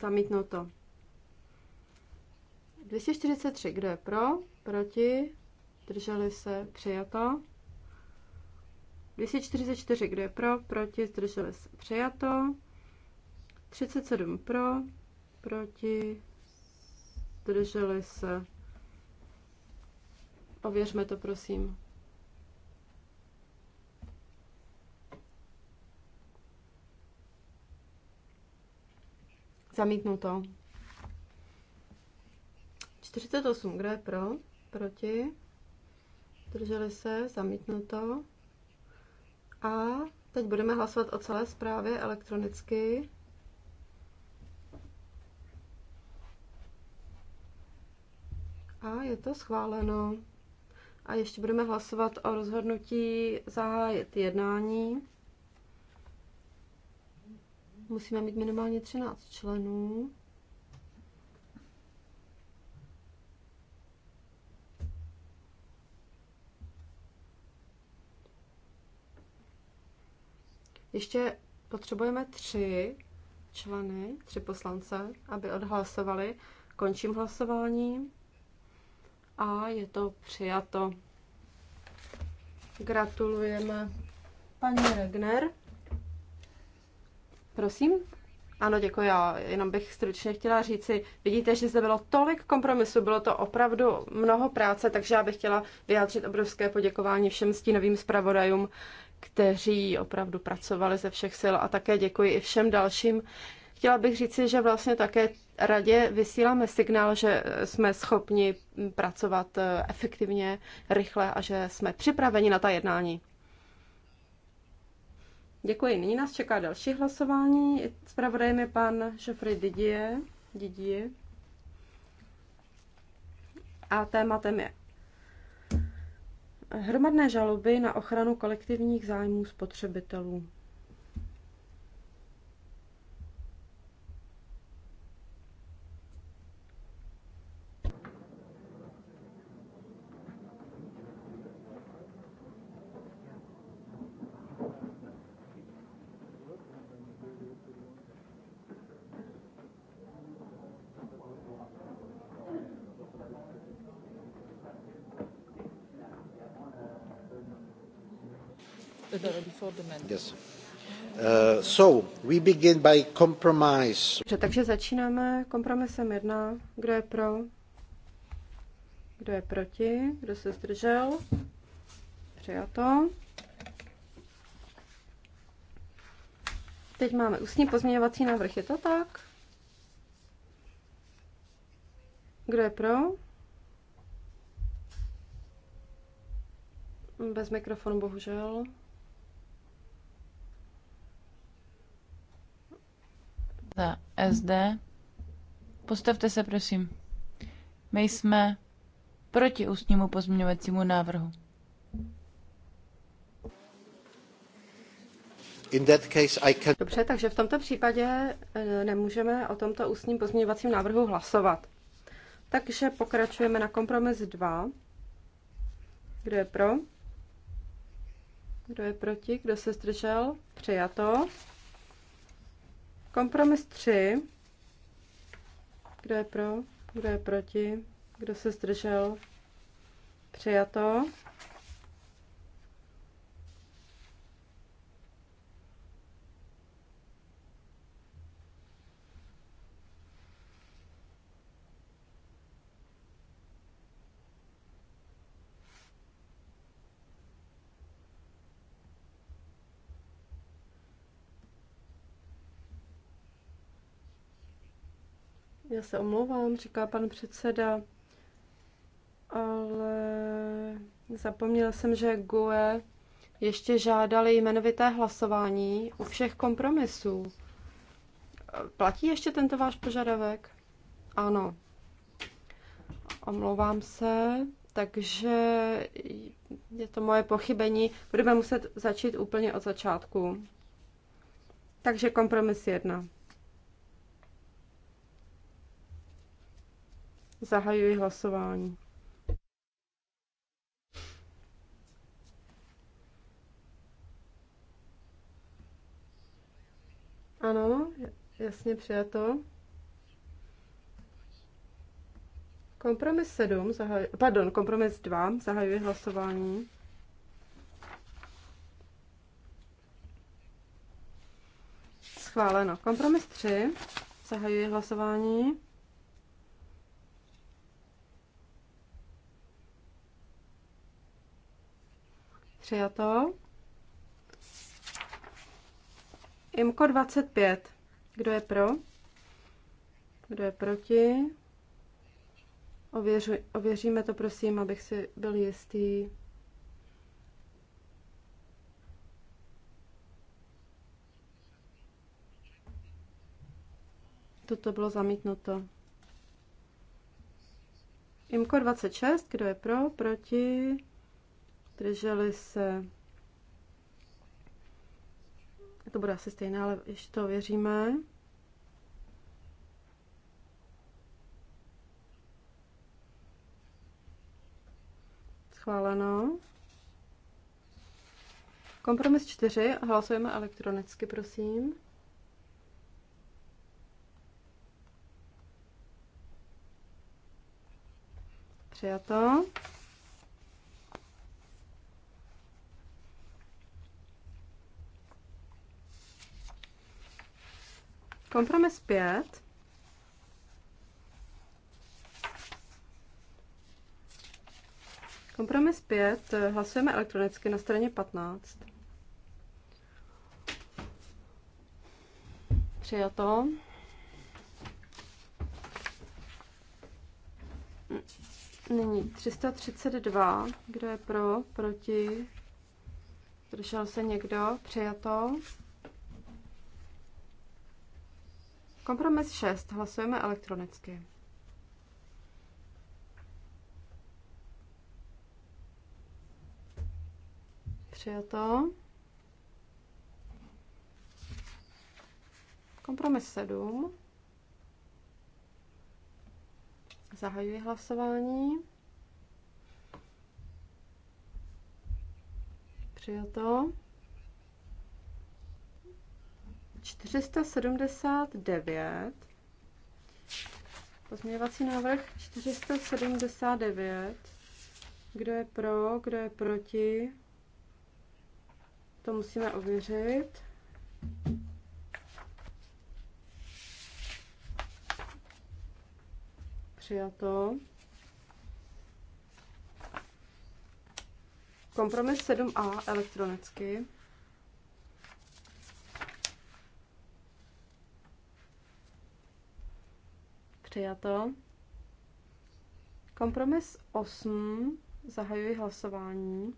Zamítnou to. 243. Kdo je pro? Proti? Drželi se? Přijato. 244, kdo je pro, proti, zdrželi se přijato. 37 pro, proti, zdrželi se. Ověřme to, prosím. Zamítnuto. 48, kdo je pro, proti, zdrželi se, zamítnuto. A teď budeme hlasovat o celé zprávě elektronicky. A je to schváleno. A ještě budeme hlasovat o rozhodnutí zahájit jednání. Musíme mít minimálně 13 členů. Ještě potřebujeme tři členy, tři poslance, aby odhlasovali. Končím hlasování a je to přijato. Gratulujeme paní Regner. Prosím? Ano, děkuji. Já jenom bych stručně chtěla říci, vidíte, že zde bylo tolik kompromisů, bylo to opravdu mnoho práce, takže já bych chtěla vyjádřit obrovské poděkování všem stínovým zpravodajům, kteří opravdu pracovali ze všech sil a také děkuji i všem dalším. Chtěla bych říci, že vlastně také radě vysíláme signál, že jsme schopni pracovat eh, efektivně, rychle a že jsme připraveni na ta jednání. Děkuji. Nyní nás čeká další hlasování. Spravodajem je pan Geoffrey Didier. Didier. A tématem je Hromadné žaloby na ochranu kolektivních zájmů spotřebitelů. Uh, takže začínáme kompromisem jedna. Kdo je pro? Kdo je proti? Kdo se zdržel? Přijato. Teď máme ústní pozměňovací návrh, je to tak? Kdo je pro? Bez mikrofonu, bohužel. SD. Postavte se, prosím. My jsme proti ústnímu pozměňovacímu návrhu. Can... Dobře, takže v tomto případě eh, nemůžeme o tomto ústním pozměňovacím návrhu hlasovat. Takže pokračujeme na kompromis 2. Kdo je pro? Kdo je proti? Kdo se zdržel? Přijato. Kompromis 3. Kdo je pro? Kdo je proti? Kdo se zdržel? Přijato. Já se omlouvám, říká pan předseda, ale zapomněl jsem, že GUE ještě žádali jmenovité hlasování u všech kompromisů. Platí ještě tento váš požadavek? Ano. Omlouvám se, takže je to moje pochybení. Budeme muset začít úplně od začátku. Takže kompromis jedna. Zahajuji hlasování. Ano, jasně přijato. Kompromis 7, zahaj, pardon, kompromis 2, zahajuji hlasování. Schváleno. Kompromis 3, zahajuji hlasování. Přijato. Imko 25. Kdo je pro? Kdo je proti? Ověřu, ověříme to, prosím, abych si byl jistý. Toto bylo zamítnuto. Imko 26, kdo je pro, proti, Drželi se. To bude asi stejné, ale ještě to věříme. Schváleno. Kompromis 4. Hlasujeme elektronicky, prosím. Přijato. Kompromis 5. Kompromis 5. Eh, hlasujeme elektronicky na straně 15. Přijato. Nyní 332. Kdo je pro? Proti? Zdržel se někdo? Přijato. Kompromis 6. Hlasujeme elektronicky. Přijato. Kompromis 7. Zahajuji hlasování. Přijato. 479. Pozměňovací návrh 479. Kdo je pro, kdo je proti? To musíme ověřit. Přijato. Kompromis 7a elektronicky. Přijato. Kompromis 8. Zahajuji hlasování.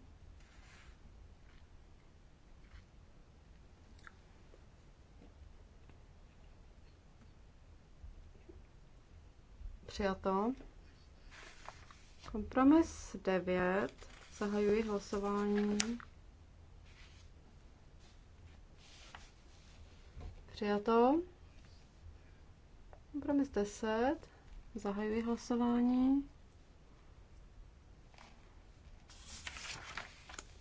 Přijato. Kompromis 9. Zahajuji hlasování. Přijato. Kompromis 10. Zahajuji hlasování.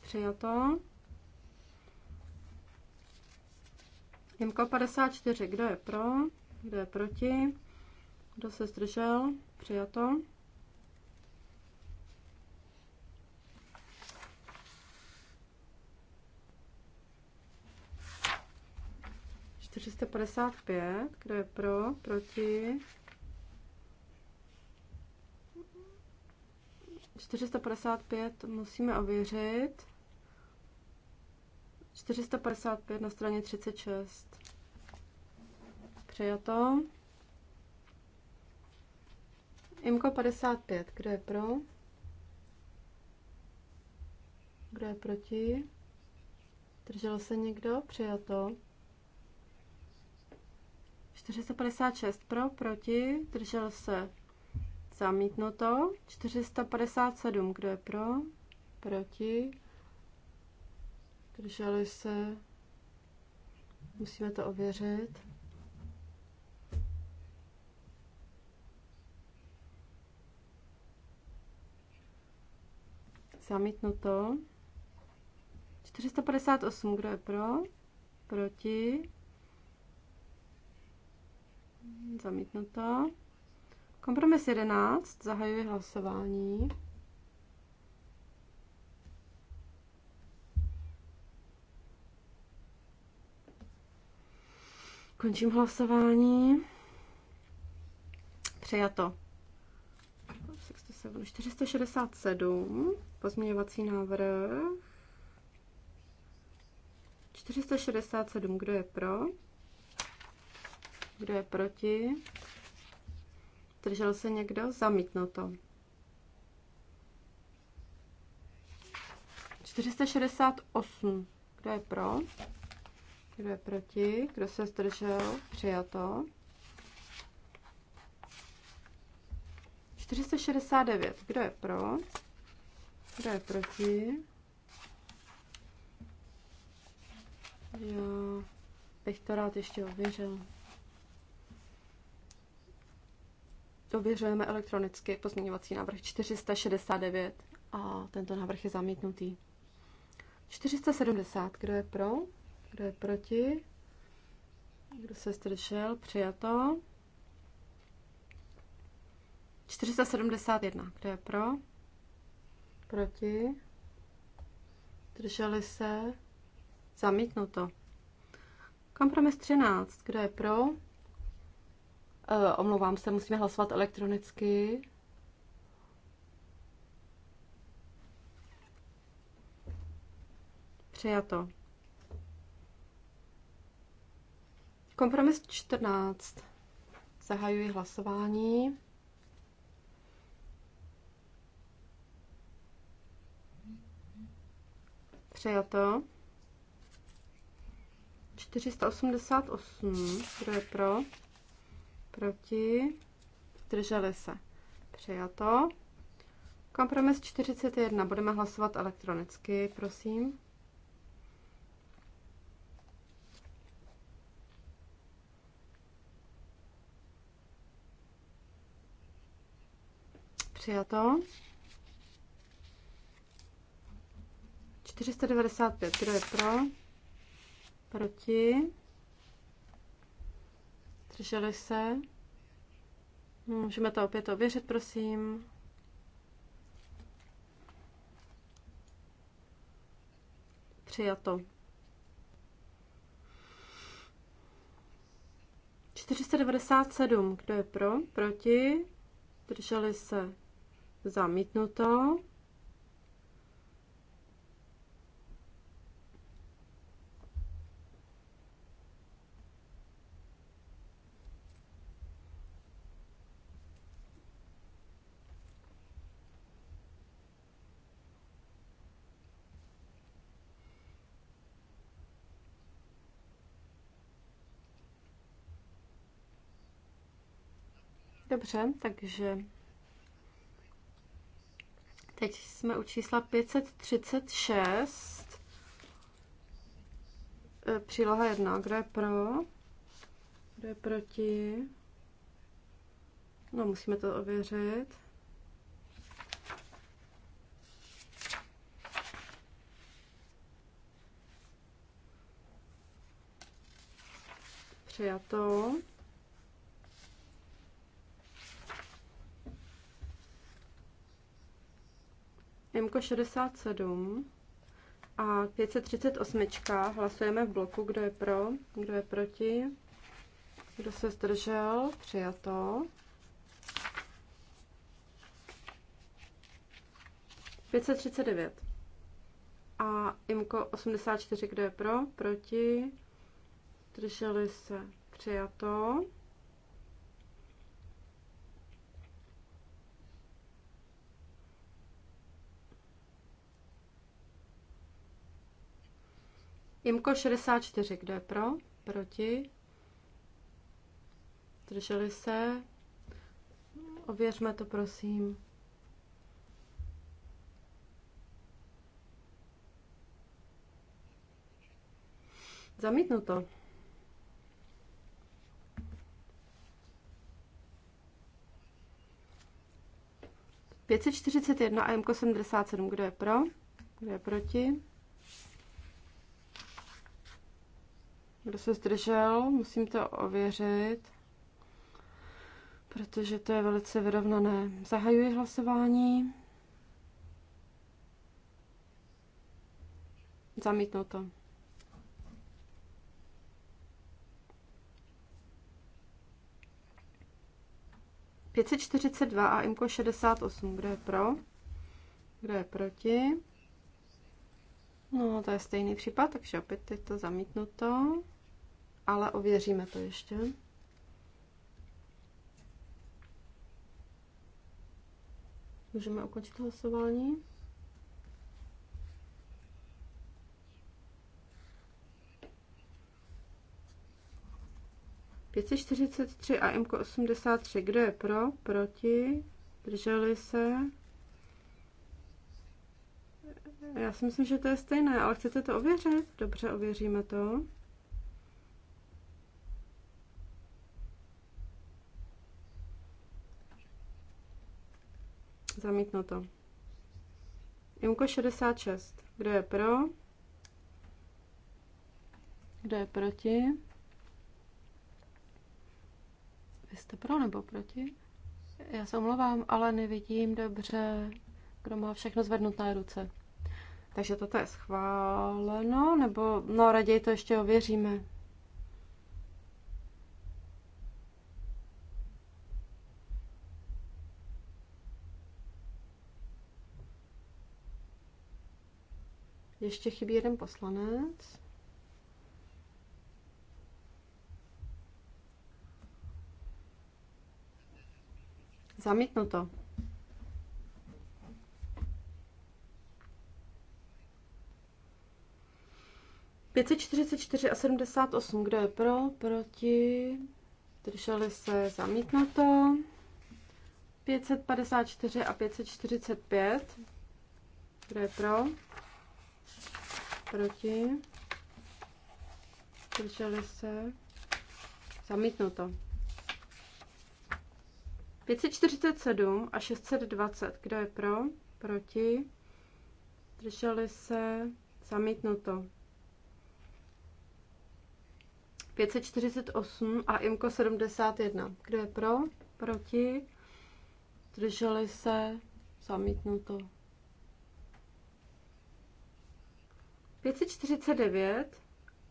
Přijato. Jemko 54. Kdo je pro? Kdo je proti? Kdo se zdržel? Přijato. 455, kdo je pro, proti. 455 musíme ověřit. 455 na straně 36. Přijato. Imko 55, kdo je pro? Kdo je proti? Držel se někdo? Přijato. 456 pro, proti, držel se zamítnuto. 457, kdo je pro, proti, drželi se, musíme to ověřit. Zamítnuto. 458, kdo je pro, proti, Zamítnuto. Kompromis 11. Zahajuji hlasování. Končím hlasování. Přijato. 467, pozměňovací návrh. 467, kdo je pro? Kdo je proti? Držel se někdo? to? 468. Kdo je pro? Kdo je proti? Kdo se zdržel? Přijato. 469. Kdo je pro? Kdo je proti? Já bych to rád ještě ověřil. Ověřujeme elektronicky pozměňovací návrh 469 a tento návrh je zamítnutý. 470, kdo je pro? Kdo je proti? Kdo se zdržel? Přijato. 471, kdo je pro? Proti? Drželi se? Zamítnuto. Kompromis 13, kdo je pro? Eh, omlouvám se, musíme hlasovat elektronicky. Přijato. Kompromis 14. Zahajuji hlasování. Přijato. 488. Kdo je pro? proti, zdrželi se, přijato. Kompromis 41, budeme hlasovat elektronicky, prosím. Přijato. 495, kdo je pro? Proti? Drželi se? Můžeme to opět ověřit, prosím. Přijato. 497. Kdo je pro? Proti? Drželi se? Zamítnuto. Dobře, takže teď jsme u čísla 536. Eh, příloha 1. Kdo je pro? Kdo je proti? No, musíme to ověřit. Přijatou. Mko 67 a 538. Hlasujeme v bloku, kdo je pro, kdo je proti, kdo se zdržel, přijato. devět A IMKO 84, kdo je pro, proti, drželi se, přijato. Imko 64, kdo je pro? Proti? Drželi se? Ověřme to, prosím. Zamítnu to. Pětset čtyřicet jedna a MK sedmdesát sedm. Kdo je pro? Kdo je proti? Kdo se zdržel, musím to ověřit, protože to je velice vyrovnané. Zahajuji hlasování. Zamítnuto. to. a IMKO 68. Kdo je pro? Kdo je proti? No, to je stejný případ, takže opět je to zamítnuto, ale ověříme to ještě. Můžeme ukončit hlasování. tři a MK83. Kdo je pro? Proti? Drželi se? Já si myslím, že to je stejné, ale chcete to ověřit? Dobře, ověříme to. Zamítnu to. Jumko 66. Kdo je pro? Kdo je proti? Vy jste pro nebo proti? Já se omlouvám, ale nevidím dobře, kdo má všechno zvednuté ruce. Takže toto je schváleno, nebo no raději to ještě ověříme. Ještě chybí jeden poslanec. Zamítnuto. to. 544 a 78, kdo je pro, proti, drželi se zamítnuto. 554 a 545, kdo je pro, proti, drželi se zamítnuto. 547 a 620, kdo je pro, proti, drželi se zamítnuto. 548 a IMKO 71. Kdo je pro? Proti? Zdrželi se? Zamítnuto. 549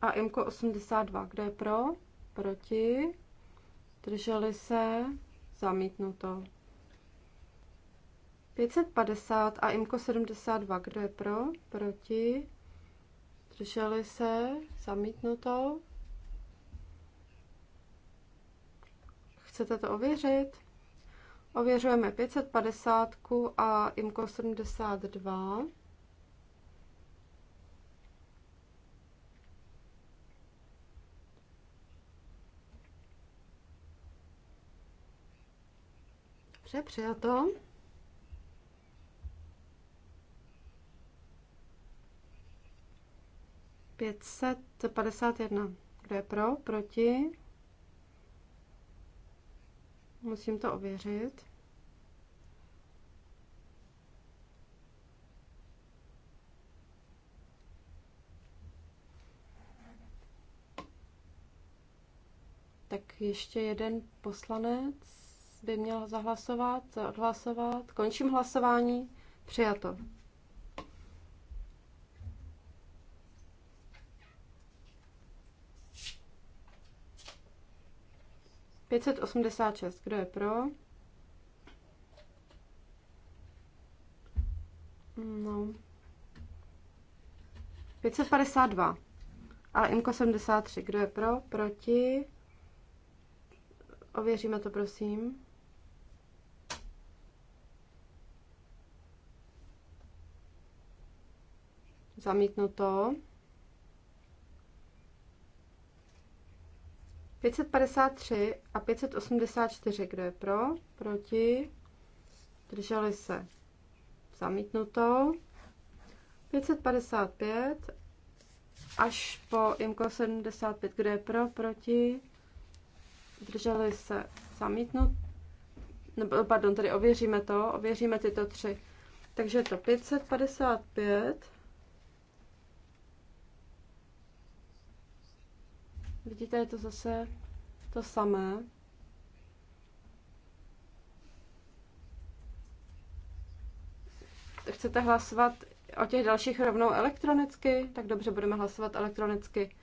a IMKO 82. Kdo je pro? Proti? Drželi se? Zamítnuto. 550 a IMKO 72. Kdo je pro? Proti? Drželi se? Zamítnuto. Chcete to ověřit? Ověřujeme 550 a IMCO 72. Dobře, přijato. Pětset padesát jedna. Kdo je pro? Proti? Musím to ověřit. Tak ještě jeden poslanec by měl zahlasovat, odhlasovat. Končím hlasování. Přijato. 586, kdo je pro? No. 552. Ale IMKO 73, kdo je pro? Proti? Ověříme to, prosím. Zamítnuto. to. 553 a 584, kdo je pro, proti, drželi se zamítnuto. 555 až po IMCO 75, kdo je pro, proti, drželi se zamítnut, nebo pardon, tady ověříme to, ověříme tyto tři. Takže je to 555, Vidíte, je to zase to samé. Chcete hlasovat o těch dalších rovnou elektronicky? Tak dobře, budeme hlasovat elektronicky.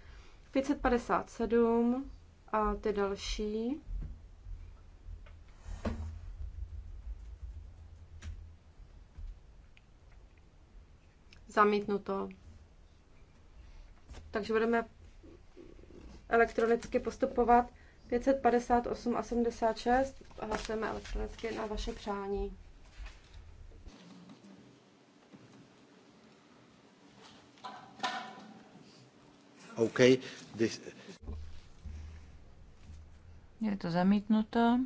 557 a ty další. Zamítnuto. Takže budeme elektronicky postupovat. 558 a 76 a hlasujeme elektronicky na vaše přání. OK. This... Je to zamítnuto.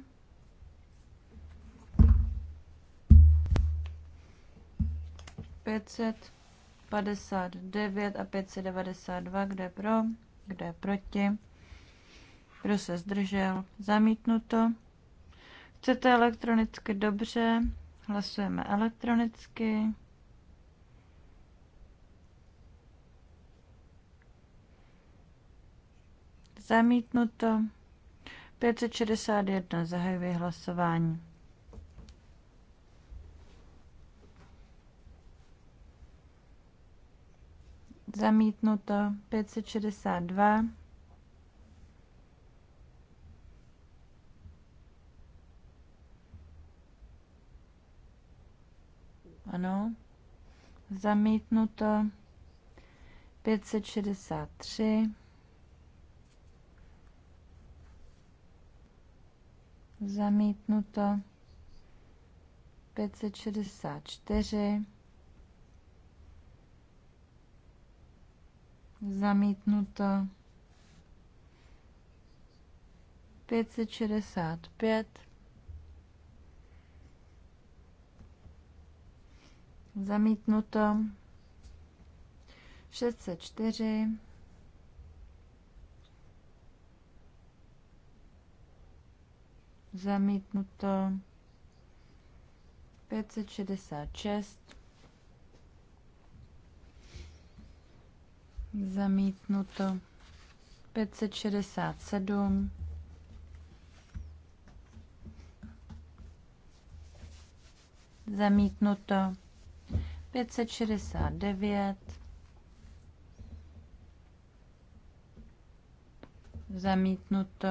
Pětset padesát devět a pětset devadesát dva, kde pro? kdo je proti, kdo se zdržel, zamítnuto. Chcete elektronicky dobře, hlasujeme elektronicky. Zamítnuto. 561 zahajuje hlasování. zamítnuto 562. Ano. Zamítnuto 563. Zamítnuto 564. zamítnuto 565 zamítnuto 604 zamítnuto 566 Zamítnuto. 567. Zamítnuto. 569. Zamítnuto.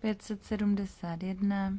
571.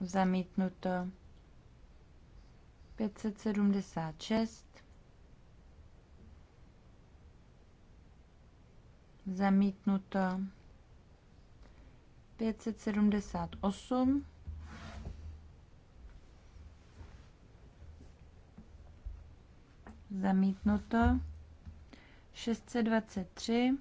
zamítnuto 576, zamítnuto 578, zamítnuto 623,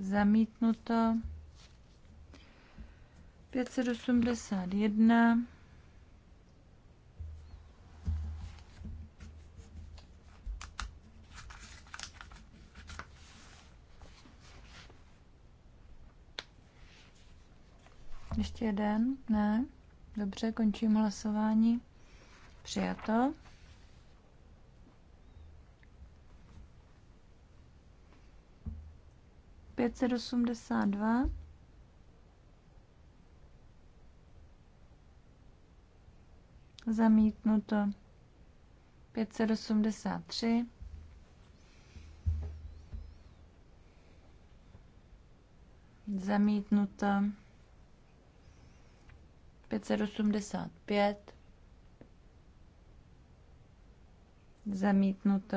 zamítnuto. 581. Ještě jeden? Ne? Dobře, končím hlasování. Přijato. 582. Zamítnuto 583. Zamítnuto 585. Zamítnuto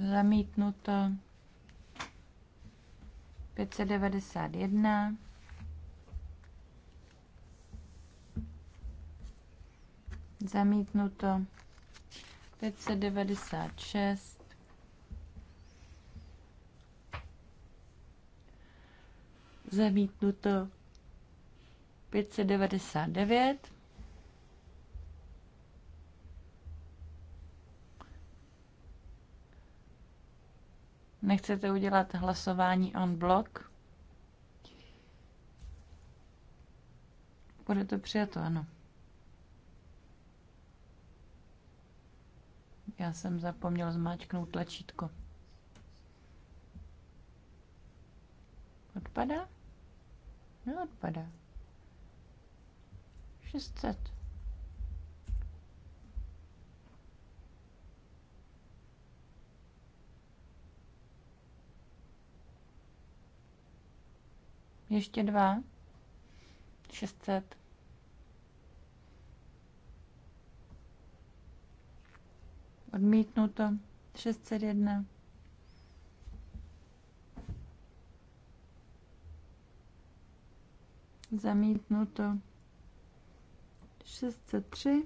Zamítnuto. 591. Zamítnuto. 596. Zamítnuto. 599. Nechcete udělat hlasování on block? Bude to přijato, ano. Já jsem zapomněl zmáčknout tlačítko. Odpadá? Neodpadá. 600. Ještě dva. 600. Odmítnuto. 601. Zamítnuto. 603.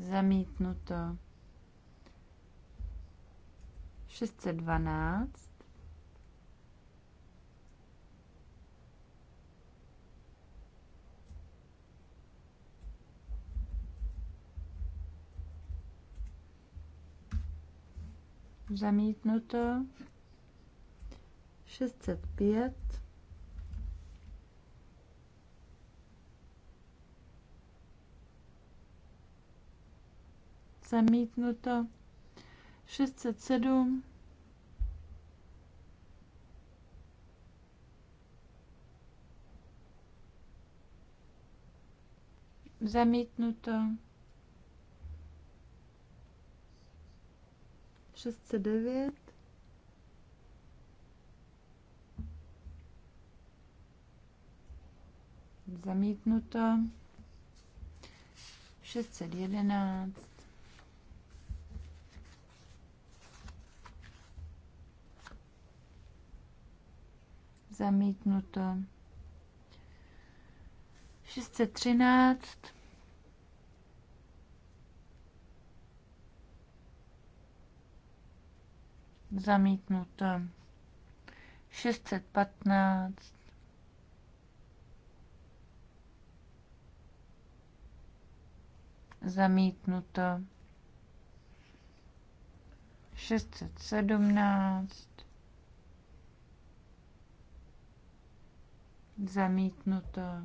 Zamítnuto. 612. Zamítnuto. 605. Zamítnuto. 607. zamítnuto. Šestce devět. Zamítnuto. Šestset jedenáct. Zamítnuto. 613 Zamítnuto. 615. Zamítnuto. 617. Zamítnuto.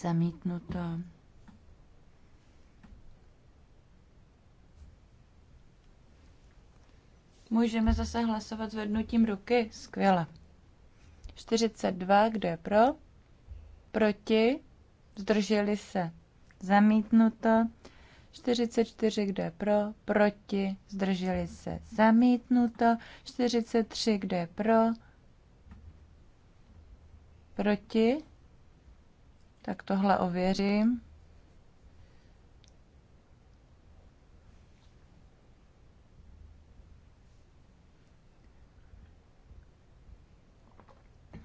zamítnuto. Můžeme zase hlasovat zvednutím ruky. Skvěle. 42, kdo je pro? Proti? Zdrželi se. Zamítnuto. 44, kdo je pro? Proti? Zdrželi se. Zamítnuto. 43, kdo je pro? Proti? tak tohle ověřím.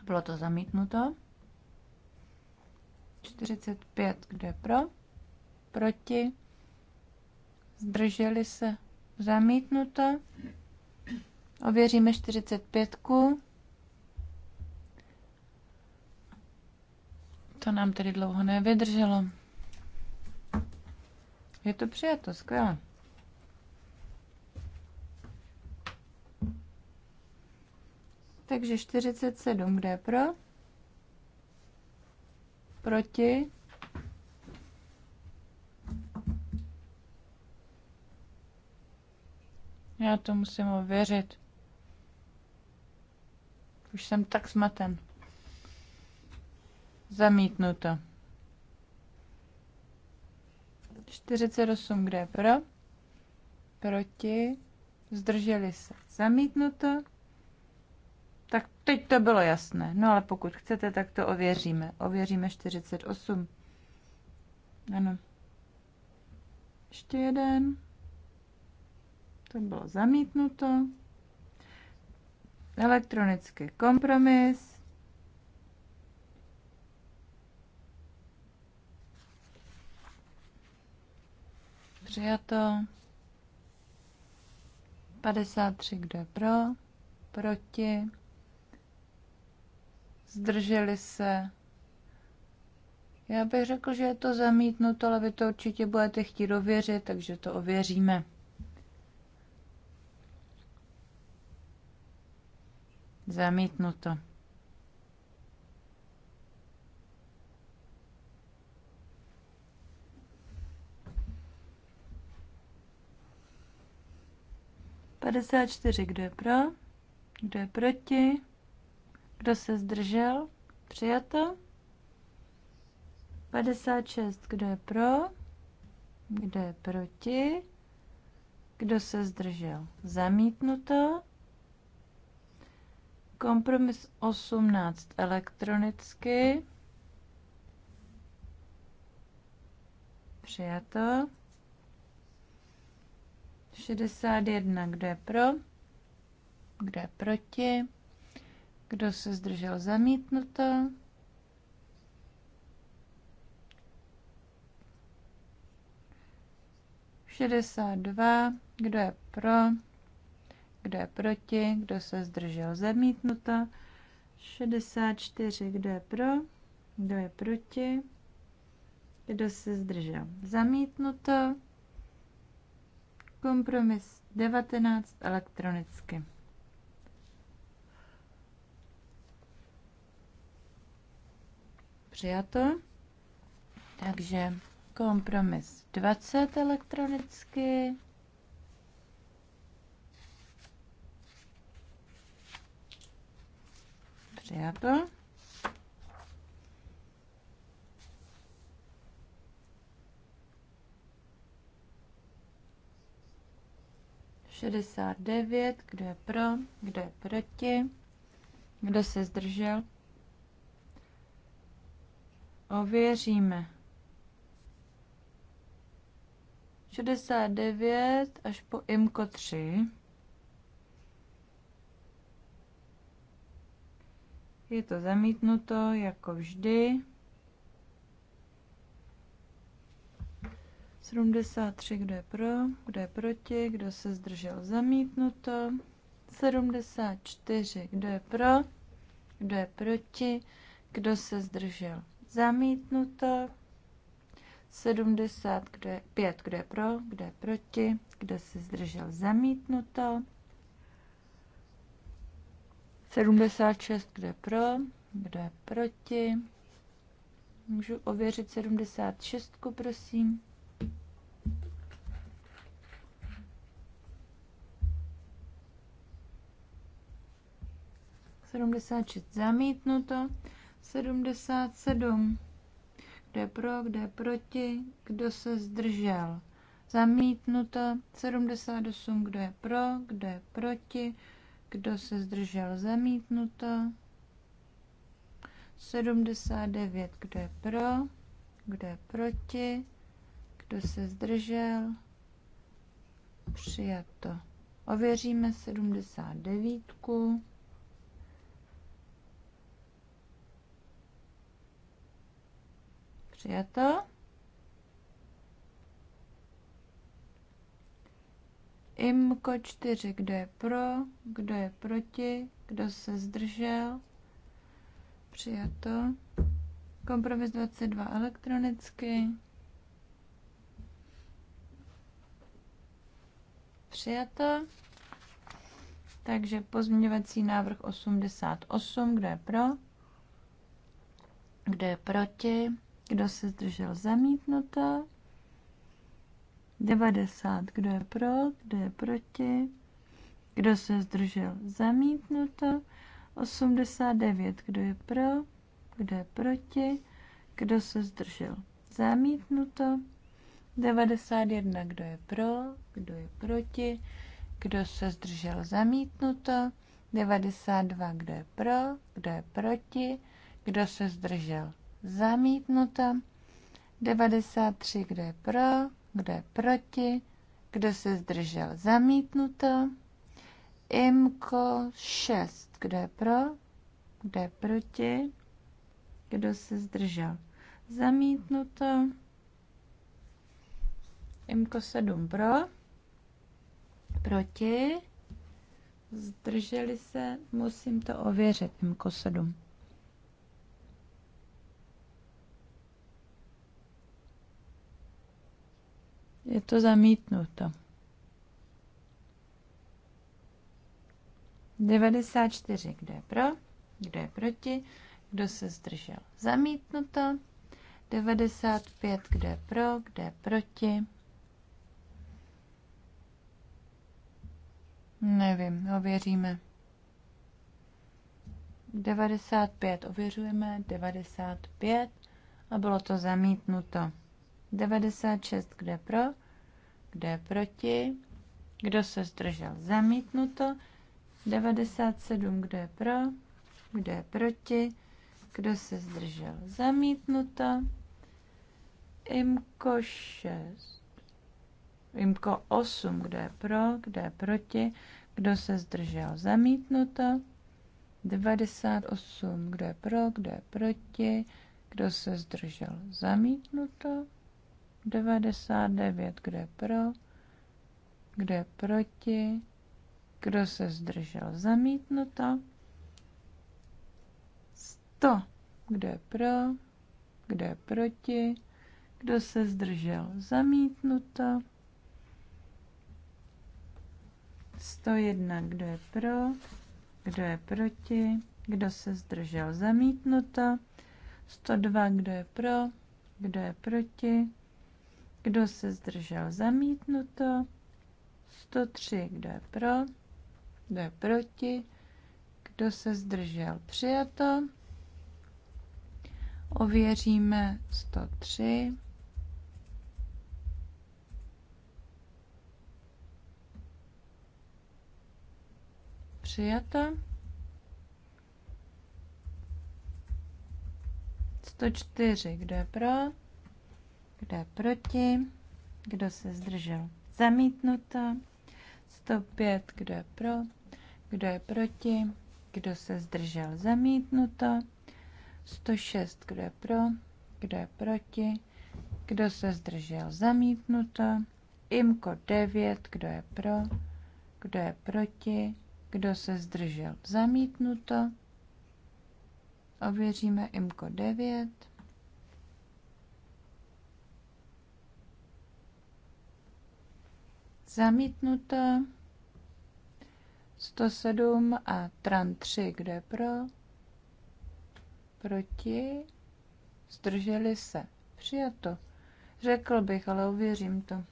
Bylo to zamítnuto. 45, kde pro? Proti? Zdrželi se? Zamítnuto. Ověříme 45. -ku. To nám tedy dlouho nevydrželo. Je to přijato, skvěle. Takže 47, kde pro? Proti? Já to musím ověřit. Už jsem tak smaten. Zamítnuto. 48, kde je pro? Proti. Zdrželi se. Zamítnuto. Tak teď to bylo jasné. No ale pokud chcete, tak to ověříme. Ověříme 48. Ano. Ještě jeden. To bylo zamítnuto. Elektronický kompromis. Přijato. 53, kdo je pro? Proti? Zdrželi se? Já bych řekl, že je to zamítnuto, ale vy to určitě budete chtít ověřit, takže to ověříme. Zamítnuto. 54, kdo je pro, kdo je proti, kdo se zdržel, přijato. 56, kdo je pro, kdo je proti, kdo se zdržel, zamítnuto. Kompromis 18 elektronicky. Přijato. 61, kdo je pro, kdo je proti, kdo se zdržel zamítnuto. Šedesát dva, kdo je pro, kdo je proti, kdo se zdržel zamítnuto. 64, kdo je pro, kdo je proti, kdo se zdržel zamítnuto. Kompromis 19 elektronicky. Přijato. Takže kompromis 20 elektronicky. Přijato. 69, kdo je pro, kdo je proti, kdo se zdržel. Ověříme. 69 až po IMKO 3. Je to zamítnuto, jako vždy. 73, kdo je pro, kdo je proti, kdo se zdržel zamítnuto. 74, kdo je pro, kdo je proti, kdo se zdržel zamítnuto. 70, kdo je, 5, kdo je pro, kdo je proti, kdo se zdržel zamítnuto. 76, kdo je pro, kdo je proti. Můžu ověřit 76, prosím. 76 zamítnuto, 77 kdo je pro, kdo je proti, kdo se zdržel. Zamítnuto 78, kdo je pro, kdo je proti, kdo se zdržel. Zamítnuto 79, kdo je pro, kdo je proti, kdo se zdržel. Přijato. Ověříme 79. Přijato. IMKO 4, kdo je pro, kdo je proti, kdo se zdržel. Přijato. Kompromis 22 elektronicky. Přijato. Takže pozměňovací návrh 88, kdo je pro, kdo je proti kdo se zdržel? Zamítnuto. 90. Kdo je pro? Kdo je proti? Kdo se zdržel? Zamítnuto. 89. Kdo je pro? Kdo je proti? Kdo se zdržel? Zamítnuto. 91. Kdo je pro? Kdo je proti? Kdo se zdržel? Zamítnuto. 92. Kdo je pro? Kdo je proti? Kdo se zdržel? zamítnuto. 93, kdo je pro, kdo je proti, kdo se zdržel, zamítnuto. Imko 6, kdo je pro, kdo je proti, kdo se zdržel, zamítnuto. Imko 7 pro, proti, zdrželi se, musím to ověřit, Imko 7. Je to zamítnuto. 94. Kdo je pro? Kdo je proti? Kdo se zdržel? Zamítnuto. 95. Kdo je pro? Kdo je proti? Nevím, ověříme. 95 ověřujeme, 95 a bylo to zamítnuto. 96, kdo je pro, kdo je proti, kdo se zdržel zamítnuto, 97, kdo je pro, kdo je proti, kdo se zdržel zamítnuto, IMKO 6, IMKO 8, kdo je pro, kdo je proti, kdo se zdržel zamítnuto, 98, kdo je pro, kdo je proti, kdo se zdržel zamítnuto. 99, kdo je pro, kdo je proti, kdo se zdržel zamítnuto, 100, kdo je pro, kdo je proti, kdo se zdržel zamítnuto, 101, kdo je pro, kdo je proti, kdo se zdržel zamítnuto, 102, kdo je pro, kdo je proti, kdo se zdržel? Zamítnuto. 103. Kdo je pro? Kdo je proti? Kdo se zdržel? Přijato. Ověříme 103. Přijato. 104. Kdo je pro? Kdo je proti? Kdo se zdržel? Zamítnuto. 105. Kdo je pro? Kdo je proti? Kdo se zdržel? Zamítnuto. 106. Kdo je pro? Kdo je proti? Kdo se zdržel? Zamítnuto. Imko 9. Kdo je pro? Kdo je proti? Kdo se zdržel? Zamítnuto. Ověříme Imko 9. Zamítnuto. 107 a tran 3, kde pro? Proti? Zdrželi se. Přijato. Řekl bych, ale uvěřím to.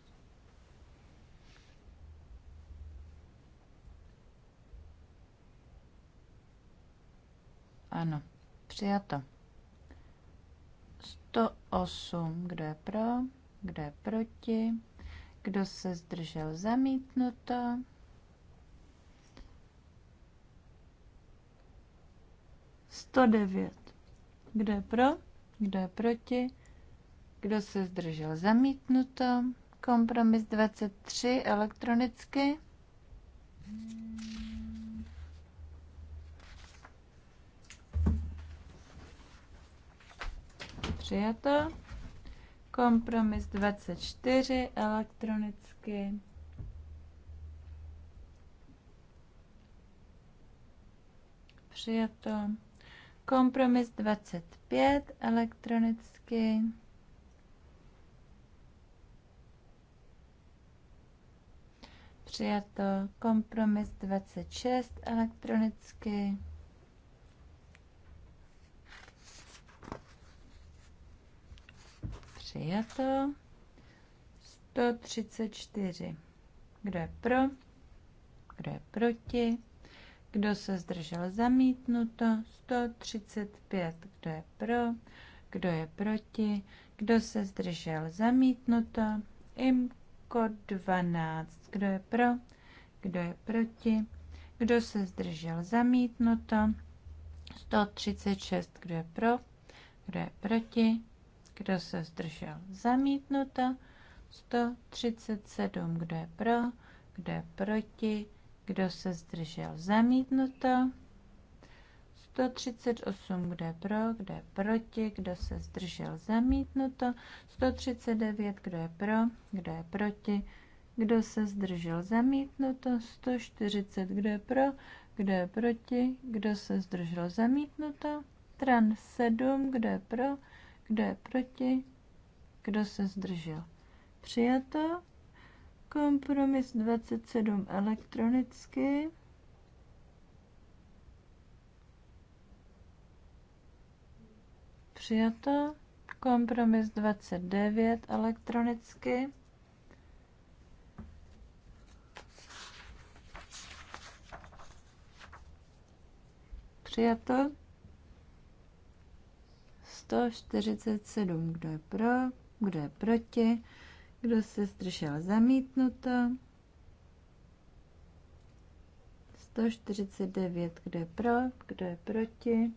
Ano, přijato. 108, kde pro, Kde proti, kdo se zdržel? Zamítnuto. Sto devět. Kdo je pro? Kdo je proti? Kdo se zdržel? Zamítnuto. Kompromis 23 elektronicky. Přijato. Kompromis 24 elektronicky. Přijato. Kompromis 25 elektronicky. Přijato. Kompromis 26 elektronicky. Přijato. 134. Kdo je pro? Kdo je proti? Kdo se zdržel zamítnuto? 135. Kdo je pro? Kdo je proti? Kdo se zdržel zamítnuto? Imko 12. Kdo je pro? Kdo je proti? Kdo se zdržel zamítnuto? 136. Kdo je pro? Kdo je proti? kdo se zdržel. Zamítnuto 137, kdo je pro, kdo je proti, kdo se zdržel. Zamítnuto 138, kdo je pro, kdo je proti, kdo se zdržel. Zamítnuto 139, kdo je pro, kdo je proti, kdo se zdržel. Zamítnuto 140, kdo je pro, kdo je proti, kdo se zdržel. Zamítnuto tran 7, kdo je pro, kdo je proti? Kdo se zdržel? Přijato. Kompromis 27 elektronicky. Přijato. Kompromis 29 elektronicky. Přijato. 147. Kdo je pro? Kdo je proti? Kdo se zdržel? Zamítnuto. 149. Kdo je pro? Kdo je proti?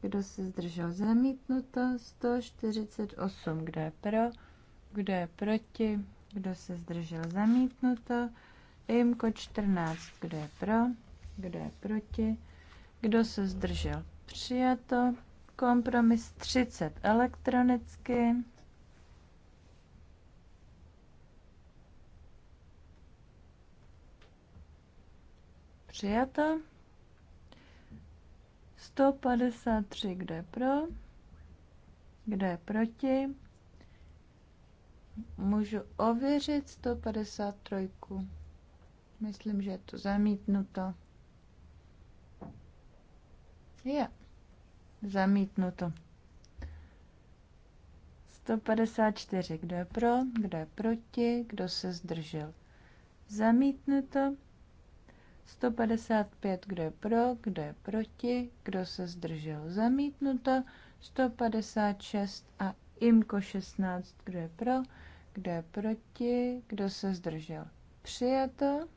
Kdo se zdržel? Zamítnuto. 148. Kdo je pro? Kdo je proti? Kdo se zdržel? Zamítnuto. Imko 14. Kdo je pro? Kdo je proti? Kdo se zdržel? Přijato. Kompromis 30 elektronicky. Přijato. 153, kdo je pro, kdo je proti. Můžu ověřit 153. Myslím, že je to zamítnuto. Je Zamítnuto. 154. Kdo je pro, kdo je proti, kdo se zdržel? Zamítnuto. 155. Kdo je pro, kdo je proti, kdo se zdržel? Zamítnuto. 156 a IMKO 16. Kdo je pro, kdo je proti, kdo se zdržel? Přijato.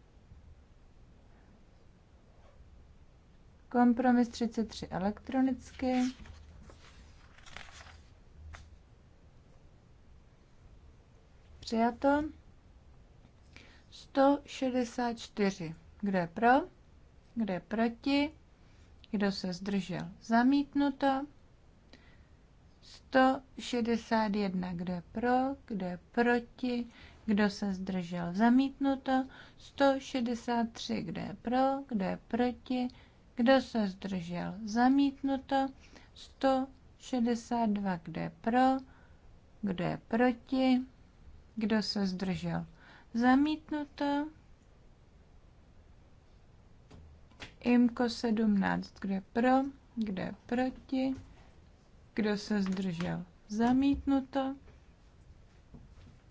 Kompromis 33 elektronicky. Přijato. 164. Kdo je pro? Kdo je proti? Kdo se zdržel? Zamítnuto. 161. Kdo je pro? Kdo je proti? Kdo se zdržel? Zamítnuto. 163. Kdo je pro? Kdo je proti? Kdo se zdržel? Zamítnuto. 162. Kdo je pro? Kdo je proti? Kdo se zdržel? Zamítnuto. Imko 17. Kdo je pro? Kdo je proti? Kdo se zdržel? Zamítnuto.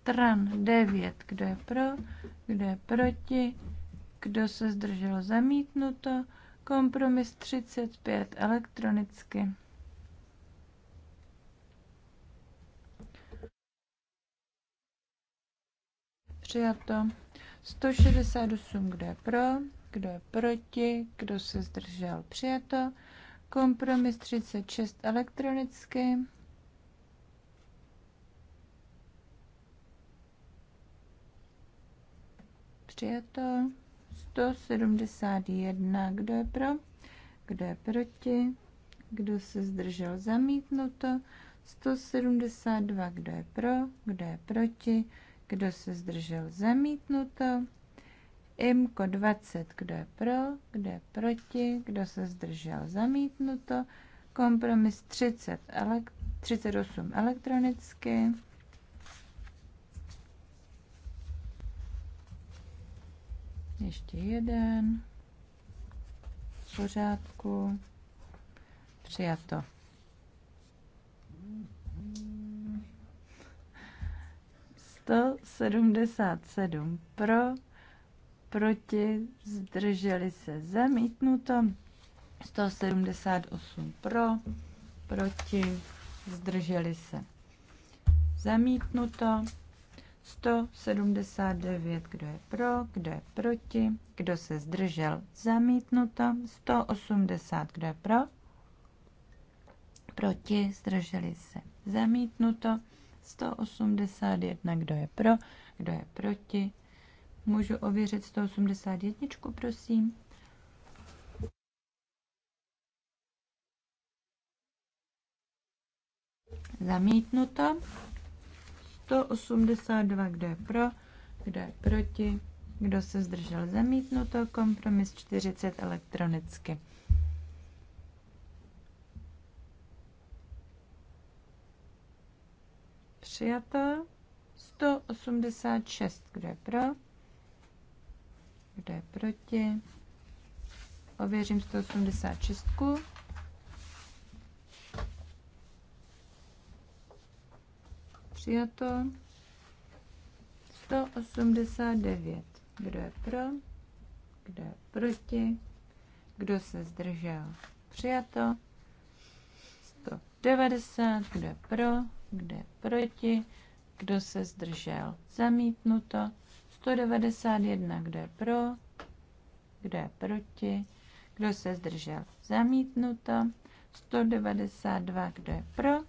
Tran 9. Kdo je pro? Kdo je proti? Kdo se zdržel? Zamítnuto. Kompromis 35 elektronicky. Přijato. 168, kdo je pro, kdo je proti, kdo se zdržel. Přijato. Kompromis 36 elektronicky. Přijato. 171. Kdo je pro? Kdo je proti? Kdo se zdržel? Zamítnuto. 172. Kdo je pro? Kdo je proti? Kdo se zdržel? Zamítnuto. IMKO 20. Kdo je pro? Kdo je proti? Kdo se zdržel? Zamítnuto. Kompromis 30. Elek- 38 elektronicky. Ještě jeden. V pořádku. Přijato. Sto sedmdesát sedm pro, proti, zdrželi se zamítnuto. 178 pro, proti, zdrželi se. Zamítnuto. 179, kdo je pro, kdo je proti, kdo se zdržel, zamítnuto, 180, kdo je pro, proti, zdrželi se, zamítnuto, 181, kdo je pro, kdo je proti. Můžu ověřit 181, prosím. Zamítnuto. 182, kdo je pro, kdo je proti, kdo se zdržel zamítnuto, kompromis 40 elektronicky. Přijato 186, kdo je pro, kdo je proti, ověřím 186. Přijato. 189. Kdo je pro? Kdo je proti? Kdo se zdržel? Přijato. 190. Kdo je pro? Kdo je proti? Kdo se zdržel? Zamítnuto. 191. Kdo je pro? Kdo je proti? Kdo se zdržel? Zamítnuto. 192. Kdo je pro?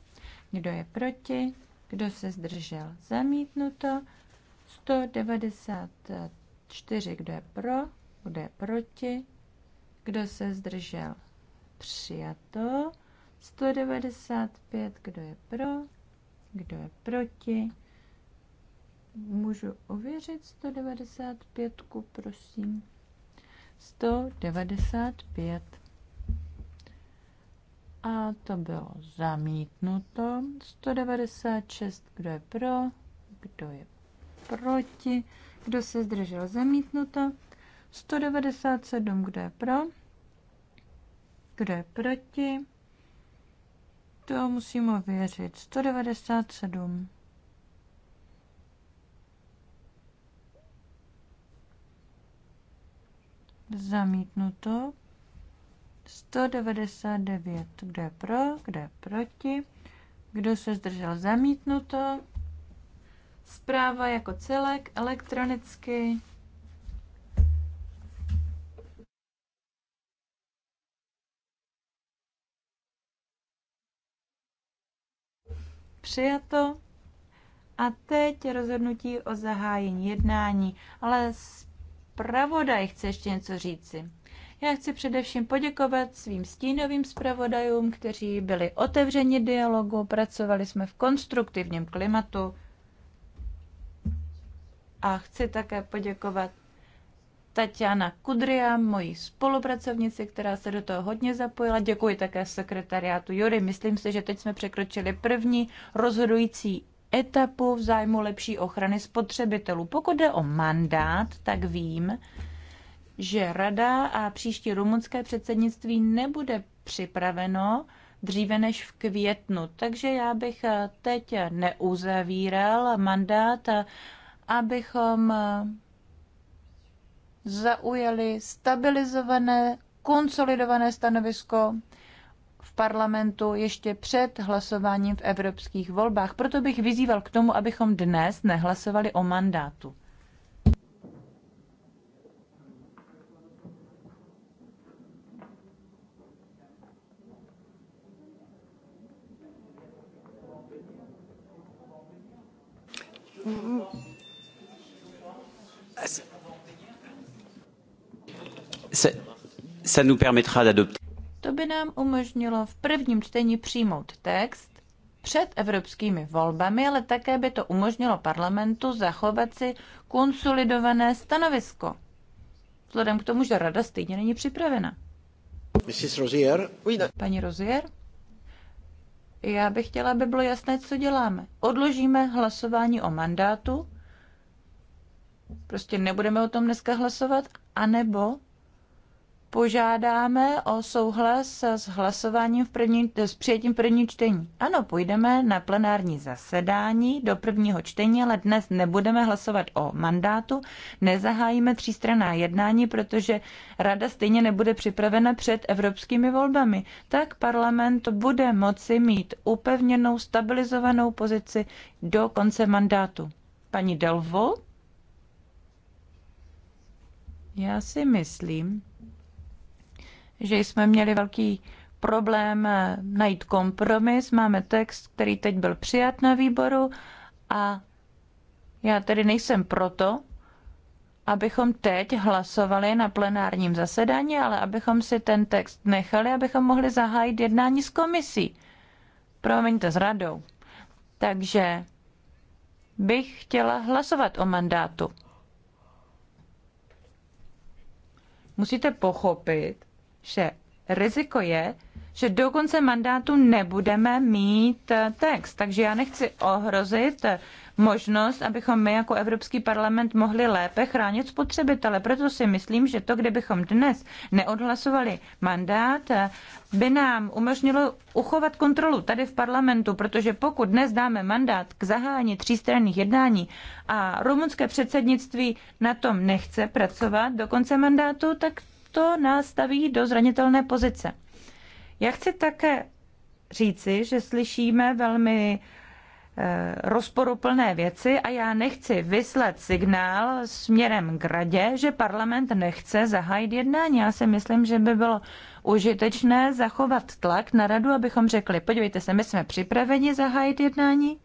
Kdo je proti? Kdo se zdržel? Zamítnuto. 194. Kdo je pro? Kdo je proti? Kdo se zdržel? Přijato. 195. Kdo je pro? Kdo je proti? Můžu ověřit 195, prosím. 195. A to bylo zamítnuto. 196, kdo je pro, kdo je proti, kdo se zdržel zamítnuto. 197, kdo je pro, kdo je proti. To musíme věřit. 197. Zamítnuto. 199. Kdo je pro, kdo je proti? Kdo se zdržel zamítnuto? Zpráva jako celek elektronicky. Přijato. A teď rozhodnutí o zahájení jednání. Ale zpravodaj chce ještě něco říci. Já chci především poděkovat svým stínovým zpravodajům, kteří byli otevřeni dialogu, pracovali jsme v konstruktivním klimatu. A chci také poděkovat Tatiana Kudria, mojí spolupracovnici, která se do toho hodně zapojila. Děkuji také sekretariátu Jury. Myslím si, že teď jsme překročili první rozhodující etapu v zájmu lepší ochrany spotřebitelů. Pokud jde o mandát, tak vím, že rada a příští rumunské předsednictví nebude připraveno dříve než v květnu. Takže já bych eh, teď neuzavíral mandát, eh, abychom eh, zaujali stabilizované, konsolidované stanovisko v parlamentu ještě před hlasováním v evropských volbách. Proto bych vyzýval k tomu, abychom dnes nehlasovali o mandátu. nous permettra d'adopter. To by nám umožnilo v prvním čtení přijmout text před evropskými volbami, ale také by to umožnilo parlamentu zachovat si konsolidované stanovisko. Vzhledem k tomu, že rada stejně není připravena. Mrs. Rozier. Paní Rozier? Já bych chtěla, aby bylo jasné, co děláme. Odložíme hlasování o mandátu, prostě nebudeme o tom dneska hlasovat, anebo požádáme o souhlas s hlasováním v první, s přijetím první čtení. Ano, půjdeme na plenární zasedání do prvního čtení, ale dnes nebudeme hlasovat o mandátu, nezahájíme třístranná jednání, protože rada stejně nebude připravena před evropskými volbami. Tak parlament bude moci mít upevněnou, stabilizovanou pozici do konce mandátu. Paní Delvo? Já si myslím, že jsme měli velký problém eh, najít kompromis. Máme text, který teď byl přijat na výboru a já tedy nejsem proto, abychom teď hlasovali na plenárním zasedání, ale abychom si ten text nechali, abychom mohli zahájit jednání s komisí. Promiňte, s radou. Takže bych chtěla hlasovat o mandátu. Musíte pochopit, že riziko je, že do konce mandátu nebudeme mít eh, text. Takže já nechci ohrozit eh, možnost, abychom my jako Evropský parlament mohli lépe chránit spotřebitele. Proto si myslím, že to, kdybychom dnes neodhlasovali mandát, eh, by nám umožnilo uchovat kontrolu tady v parlamentu, protože pokud dnes dáme mandát k zahájení třístranných jednání a rumunské předsednictví na tom nechce pracovat do konce mandátu, tak to nás staví do zranitelné pozice. Já chci také říci, že slyšíme velmi eh, rozporuplné věci a já nechci vyslat signál směrem k radě, že parlament nechce zahájit jednání. Já si myslím, že by bylo užitečné zachovat tlak na radu, abychom řekli, podívejte se, my jsme připraveni zahájit jednání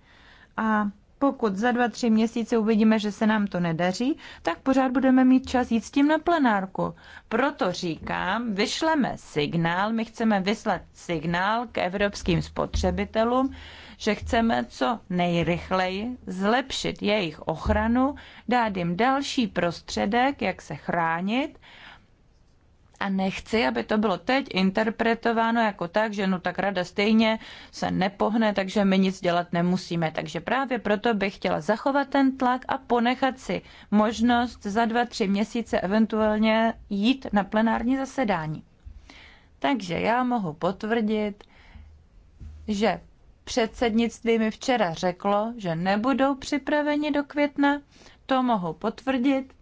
a pokud za dva, tři měsíce uvidíme, že se nám to nedaří, tak pořád budeme mít čas jít s tím na plenárku. Proto říkám, vyšleme signál, my chceme vyslat signál k evropským spotřebitelům, že chceme co nejrychleji zlepšit jejich ochranu, dát jim další prostředek, jak se chránit a nechci, aby to bylo teď interpretováno jako tak, že no tak rada stejně se nepohne, takže my nic dělat nemusíme. Takže právě proto bych chtěla zachovat ten tlak a ponechat si možnost za dva, tři měsíce eventuálně jít na plenární zasedání. Takže já mohu potvrdit, že předsednictví mi včera řeklo, že nebudou připraveni do května. To mohu potvrdit.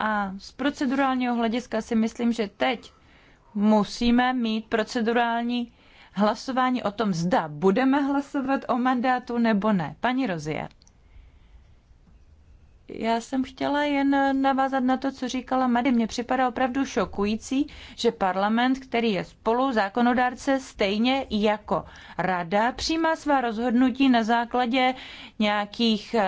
A z procedurálního hlediska si myslím, že teď musíme mít procedurální hlasování o tom, zda budeme hlasovat o mandátu nebo ne. Paní Rozie. Já jsem chtěla jen navázat na to, co říkala Mady. Mně připadá opravdu šokující, že parlament, který je spolu zákonodárce, stejně jako rada, přijímá svá rozhodnutí na základě nějakých uh,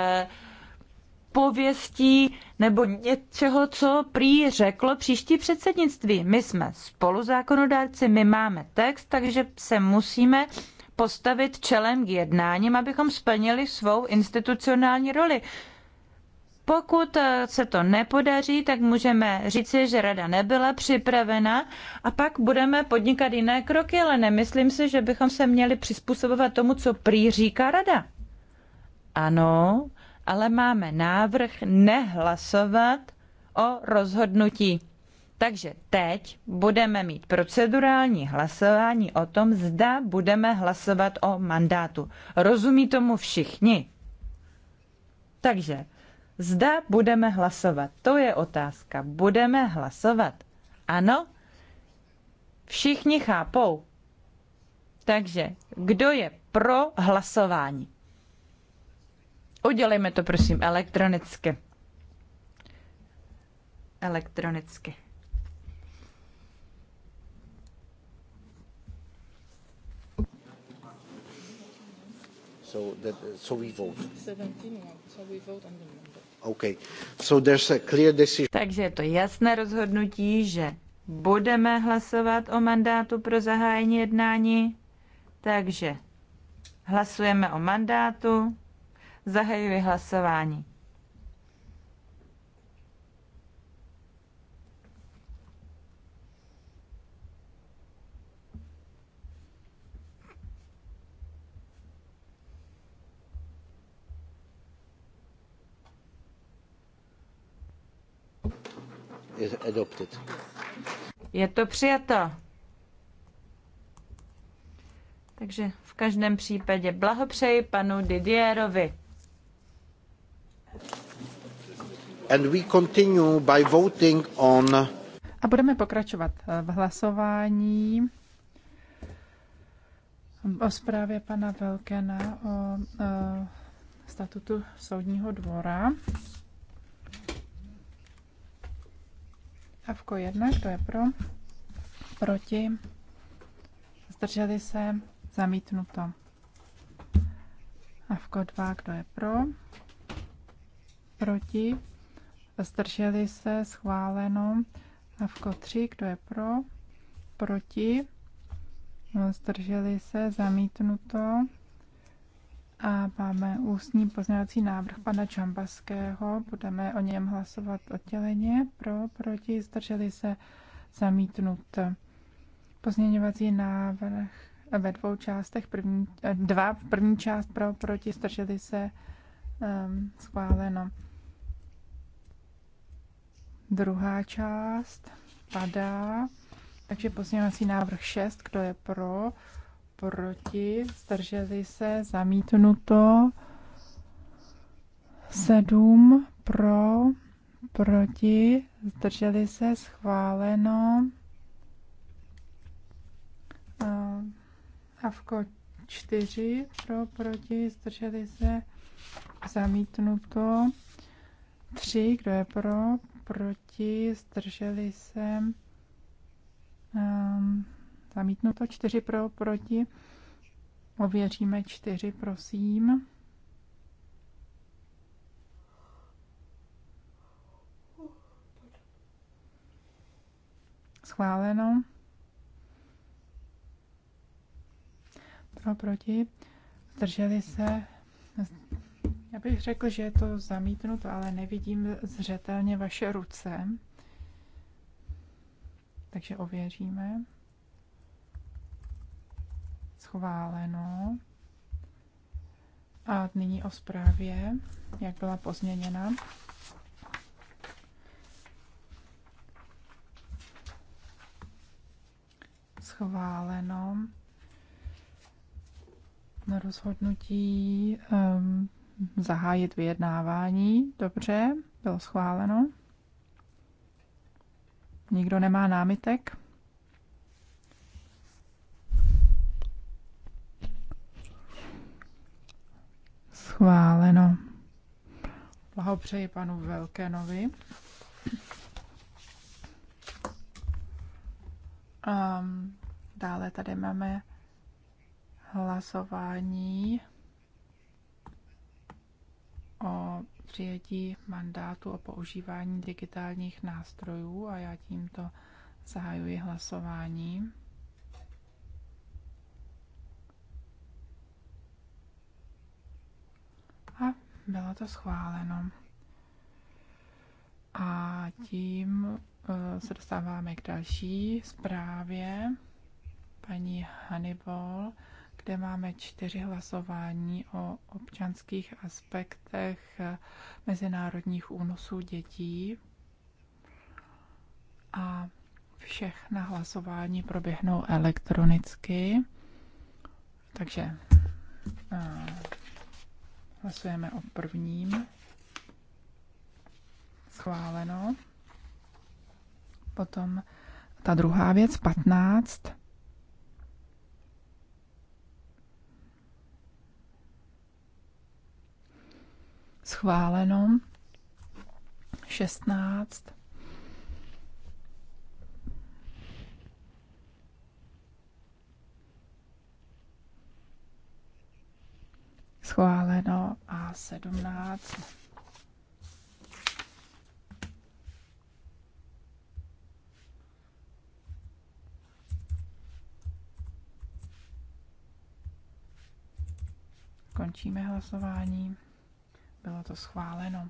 pověstí nebo něčeho, co prý řeklo příští předsednictví. My jsme spoluzákonodárci, my máme text, takže se musíme postavit čelem k jednáním, abychom splnili svou institucionální roli. Pokud eh, se to nepodaří, tak můžeme říci, že rada nebyla připravena a pak budeme podnikat jiné kroky, ale nemyslím si, že bychom se měli přizpůsobovat tomu, co prý říká rada. Ano, ale máme návrh nehlasovat o rozhodnutí. Takže teď budeme mít procedurální hlasování o tom, zda budeme hlasovat o mandátu. Rozumí tomu všichni? Takže zda budeme hlasovat. To je otázka. Budeme hlasovat. Ano? Všichni chápou. Takže kdo je pro hlasování? Udělejme to prosím elektronicky. Elektronicky. So that uh, so we vote. 17 so we vote on the Okay. So there's a clear decision. Takže je to jasné rozhodnutí, že budeme hlasovat o mandátu pro zahájení jednání. Takže hlasujeme o mandátu. Zahajuji hlasování. Je to přijato. Takže v každém případě blahopřeji panu Didierovi. And we continue by voting on... Uh, A budeme pokračovat eh, v hlasování o zprávě pana Velkena o, o eh, statutu soudního dvora. Avko jedna, kdo je pro? Proti? Zdrželi se? Zamítnuto. Avko dva, kdo je pro? proti, zdrželi se, schváleno. Avko 3, kdo je pro, proti, zdrželi se, zamítnuto. A máme ústní pozměňovací návrh pana Čambaského. Budeme o něm hlasovat odděleně. Pro, proti, zdrželi se, zamítnut. Pozměňovací návrh ve dvou částech. První, eh, dva, první část pro, proti, zdrželi se, um, schváleno. Druhá část padá, takže pozměňovací návrh 6, kdo je pro, proti, zdrželi se, zamítnuto. 7 pro, proti, zdrželi se, schváleno. Havko 4 pro, proti, zdrželi se, zamítnuto. 3, kdo je pro, proti, zdrželi se, um, zamítnuto, čtyři pro, proti, ověříme čtyři, prosím. Schváleno. Pro, proti, zdrželi se, já bych řekl, že je to zamítnuto, ale nevidím zřetelně vaše ruce. Takže ověříme. Schváleno. A nyní o zprávě, jak byla pozměněna. Schváleno. Na rozhodnutí um, zahájit vyjednávání. Dobře, bylo schváleno. Nikdo nemá námitek? Schváleno. Blahopřeji panu Velkénovi. Um, dále tady máme hlasování o přijetí mandátu o používání digitálních nástrojů a já tímto zahajuji hlasování. A bylo to schváleno. A tím eh, se dostáváme k další zprávě paní Hannibal kde máme čtyři hlasování o občanských aspektech mezinárodních únosů dětí. A všechna hlasování proběhnou elektronicky. Takže hlasujeme o prvním. Schváleno. Potom ta druhá věc, 15 schváleno. 16. Schváleno a 17. Končíme hlasování. Bylo to schváleno.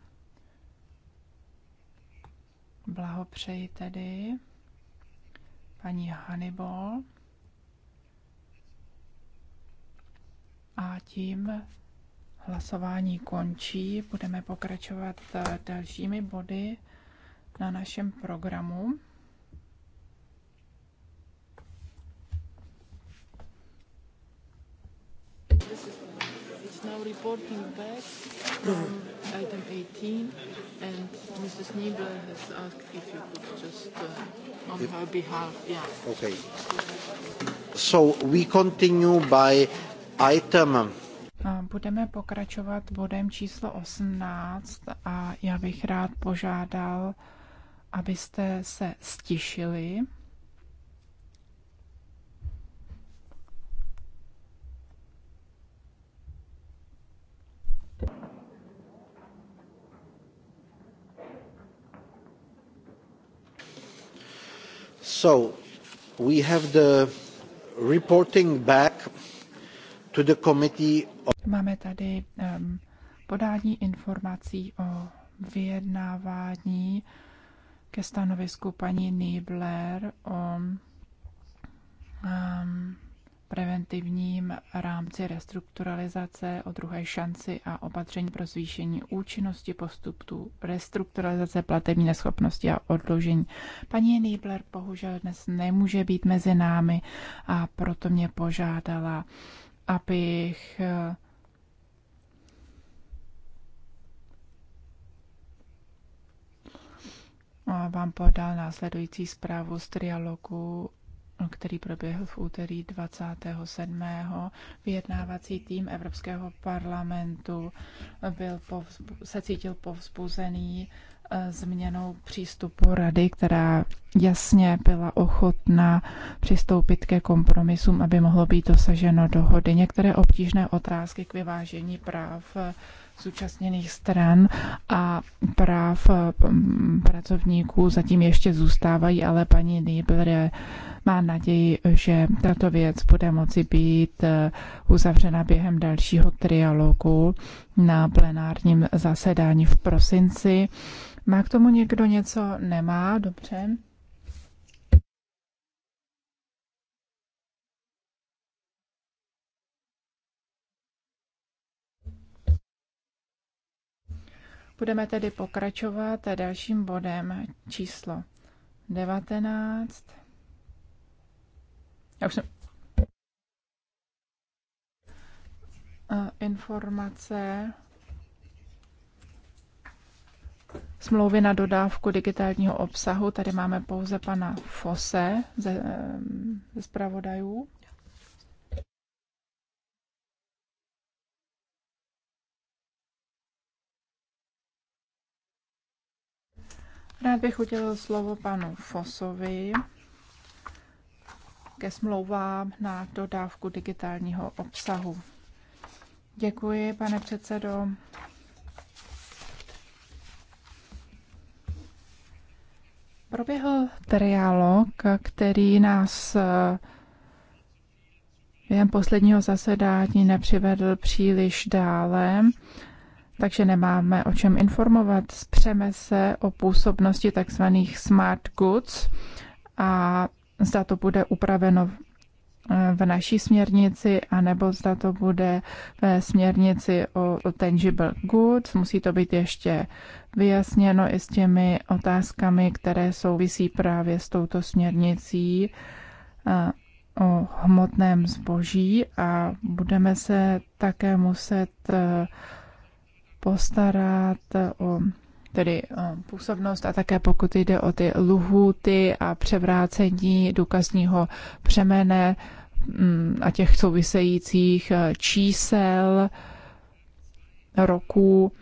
Blahopřeji tedy paní Hannibal. A tím hlasování končí. Budeme pokračovat dalšími body na našem programu. now reporting back from item 18, and Mrs. Niebler has asked if you could just, uh, on her behalf, yeah. Okay. So we continue by item. Budeme pokračovat bodem číslo 18 a já bych rád požádal, abyste se stišili. So, we have the reporting back to the committee of... Máme tady um, podání informací o vyjednávání ke stanovisku paní Niebler o um, preventivním rámci restrukturalizace, o druhé šanci a opatření pro zvýšení účinnosti postupů restrukturalizace platební neschopnosti a odložení. Paní Niebler bohužel dnes nemůže být mezi námi a proto mě požádala, abych eh, vám podal následující zprávu z trialogu který proběhl v úterý 27. Vyjednávací tým Evropského parlamentu byl povzbu, se cítil povzbuzený eh, změnou přístupu rady, která jasně byla ochotná přistoupit ke kompromisům, aby mohlo být dosaženo dohody. Některé obtížné otázky k vyvážení práv eh, zúčastněných stran a práv eh, pracovníků zatím ještě zůstávají, ale paní Nýbler má naději, že tato věc bude moci být eh, uzavřena během dalšího trialogu na plenárním zasedání v prosinci. Má k tomu někdo něco? Nemá, dobře. Budeme tedy pokračovat dalším bodem číslo 19. Já už jsem... Informace smlouvy na dodávku digitálního obsahu. Tady máme pouze pana Fose ze, ehm, ze zpravodajů. Rád bych udělal slovo panu Fosovi ke smlouvám na dodávku digitálního obsahu. Děkuji, pane předsedo. Proběhl trialog, který nás eh, během posledního zasedání nepřivedl příliš dále takže nemáme o čem informovat. Spřeme se o působnosti tzv. smart goods a zda to bude upraveno eh, v naší směrnici, anebo zda to bude ve směrnici o tangible goods. Musí to být ještě vyjasněno i s těmi otázkami, které souvisí právě s touto směrnicí eh, o hmotném zboží a budeme se také muset eh, postarat o tedy působnost a také pokud jde o ty luhuty a převrácení důkazního přemene mm, a těch souvisejících e, čísel roku,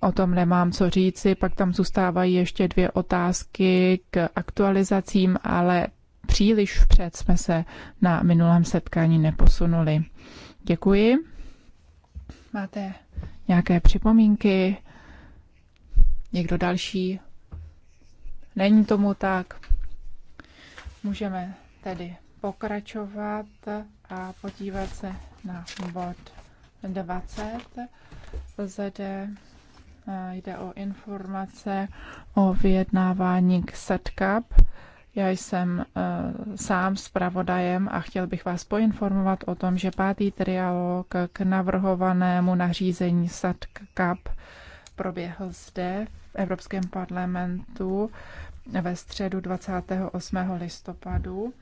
o tom nemám co říci. Pak tam zůstávají ještě dvě otázky k aktualizacím, ale příliš vpřed jsme se na minulém setkání neposunuli. Děkuji. Máte nějaké připomínky? Někdo další? Není tomu tak. Můžeme tedy pokračovat a podívat se na bod 20. Zde eh, jde o informace o vyjednávání k setkap. Já jsem uh, sám zpravodajem a chtěl bych vás poinformovat o tom, že pátý trialog k navrhovanému nařízení SATCAP proběhl zde v Evropském parlamentu ve středu 28. listopadu.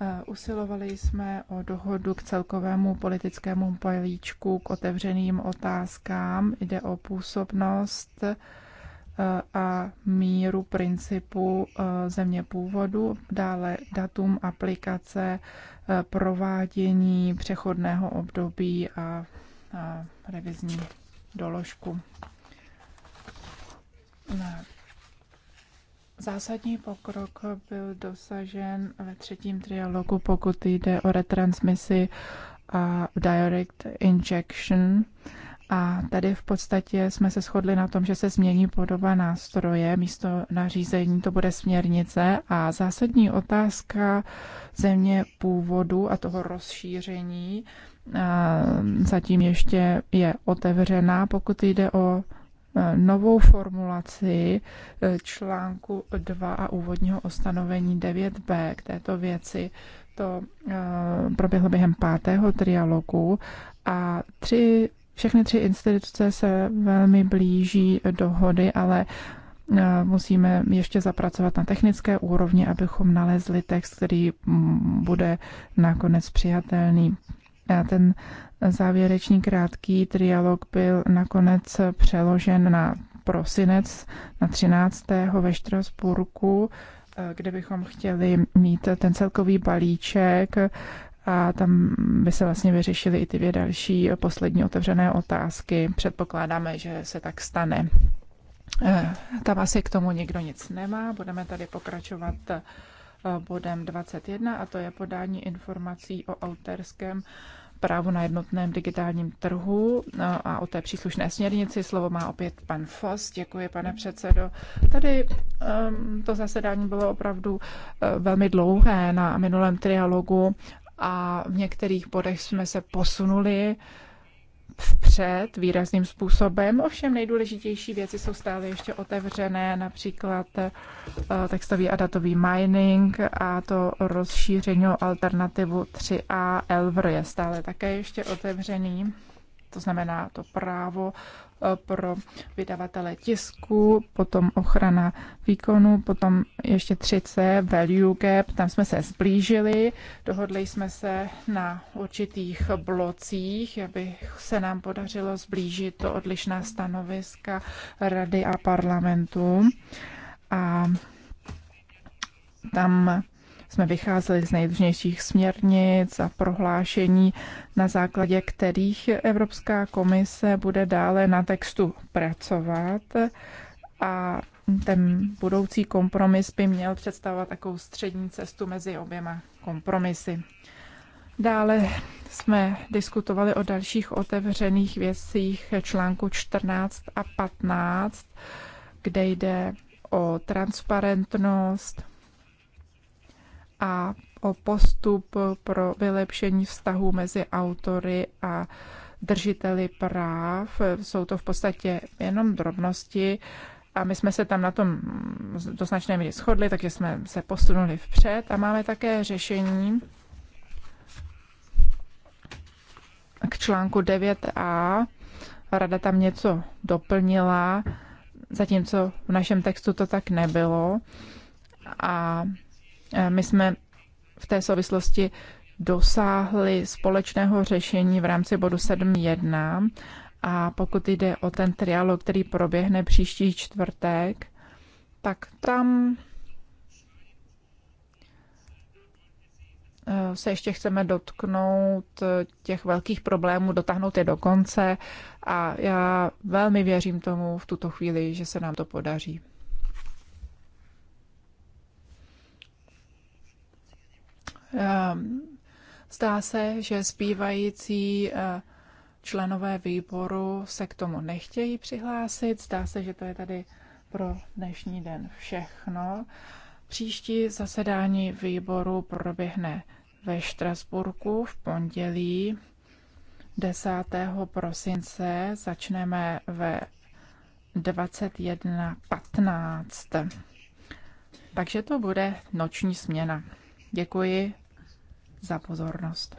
Eh, usilovali jsme o dohodu k celkovému politickému palíčku, k otevřeným otázkám. Jde o působnost a míru principu eh, země původu, dále datum aplikace, eh, provádění přechodného období a, revizní doložku. Zásadní pokrok byl dosažen ve třetím trialogu, pokud jde o retransmisi a direct injection. Uh, a tady v podstatě jsme se shodli na tom, že se změní podoba nástroje, místo nařízení to bude směrnice a zásadní otázka země původu a toho rozšíření a zatím ještě je otevřená, pokud jde o e, novou formulaci e, článku 2 a úvodního ustanovení 9b k této věci. To e, proběhlo během pátého trialogu a tři všechny tři instituce se velmi blíží dohody, ale e, musíme ještě zapracovat na technické úrovni, abychom nalezli text, který bude nakonec přijatelný. A ten závěrečný krátký trialog byl nakonec přeložen na prosinec na 13. ve Štrasburku, e, kde bychom chtěli mít ten celkový balíček a tam by se vlastně vyřešily i ty dvě další poslední otevřené otázky. Předpokládáme, že se tak stane. Eh, tam asi k tomu nikdo nic nemá. Budeme tady pokračovat eh, bodem 21 a to je podání informací o autorském právu na jednotném digitálním trhu eh, a o té příslušné směrnici. Slovo má opět pan Fos. Děkuji, pane předsedo. Tady um, to zasedání bylo opravdu uh, velmi dlouhé na minulém trialogu a v některých bodech jsme se posunuli vpřed výrazným způsobem. Ovšem nejdůležitější věci jsou stále ještě otevřené, například eh, textový a datový mining a to rozšíření o alternativu 3a. Elvr je stále také ještě otevřený, to znamená to právo Eh, pro vydavatele tisku, potom ochrana výkonu, potom ještě 3C, value gap, tam jsme se zblížili, dohodli jsme se na určitých blocích, aby se nám podařilo zblížit to odlišná stanoviska rady a parlamentu. A tam jsme vycházeli z nejrůznějších směrnic a prohlášení, na základě kterých Evropská komise bude dále na textu pracovat a ten budoucí kompromis by měl představovat takovou střední cestu mezi oběma kompromisy. Dále jsme diskutovali o dalších otevřených věcích článku 14 a 15, kde jde o transparentnost, a o postup pro vylepšení vztahu mezi autory a držiteli práv. Jsou to v podstatě jenom drobnosti a my jsme se tam na tom do značné míry shodli, takže jsme se posunuli vpřed a máme také řešení k článku 9a. Rada tam něco doplnila, zatímco v našem textu to tak nebylo. A Eh, my jsme v té souvislosti dosáhli společného řešení v rámci bodu 7.1 a pokud jde o ten trialog, který proběhne příští čtvrtek, tak tam eh, se ještě chceme dotknout eh, těch velkých problémů, dotáhnout je do konce a já velmi věřím tomu v tuto chvíli, že se nám to podaří. Ehm, zdá se, že zbývající eh, členové výboru se k tomu nechtějí přihlásit. Zdá se, že to je tady pro dnešní den všechno. Příští zasedání výboru proběhne ve Štrasburku v pondělí 10. prosince. Začneme ve 21.15. Takže to bude noční směna. Děkuji za pozornost.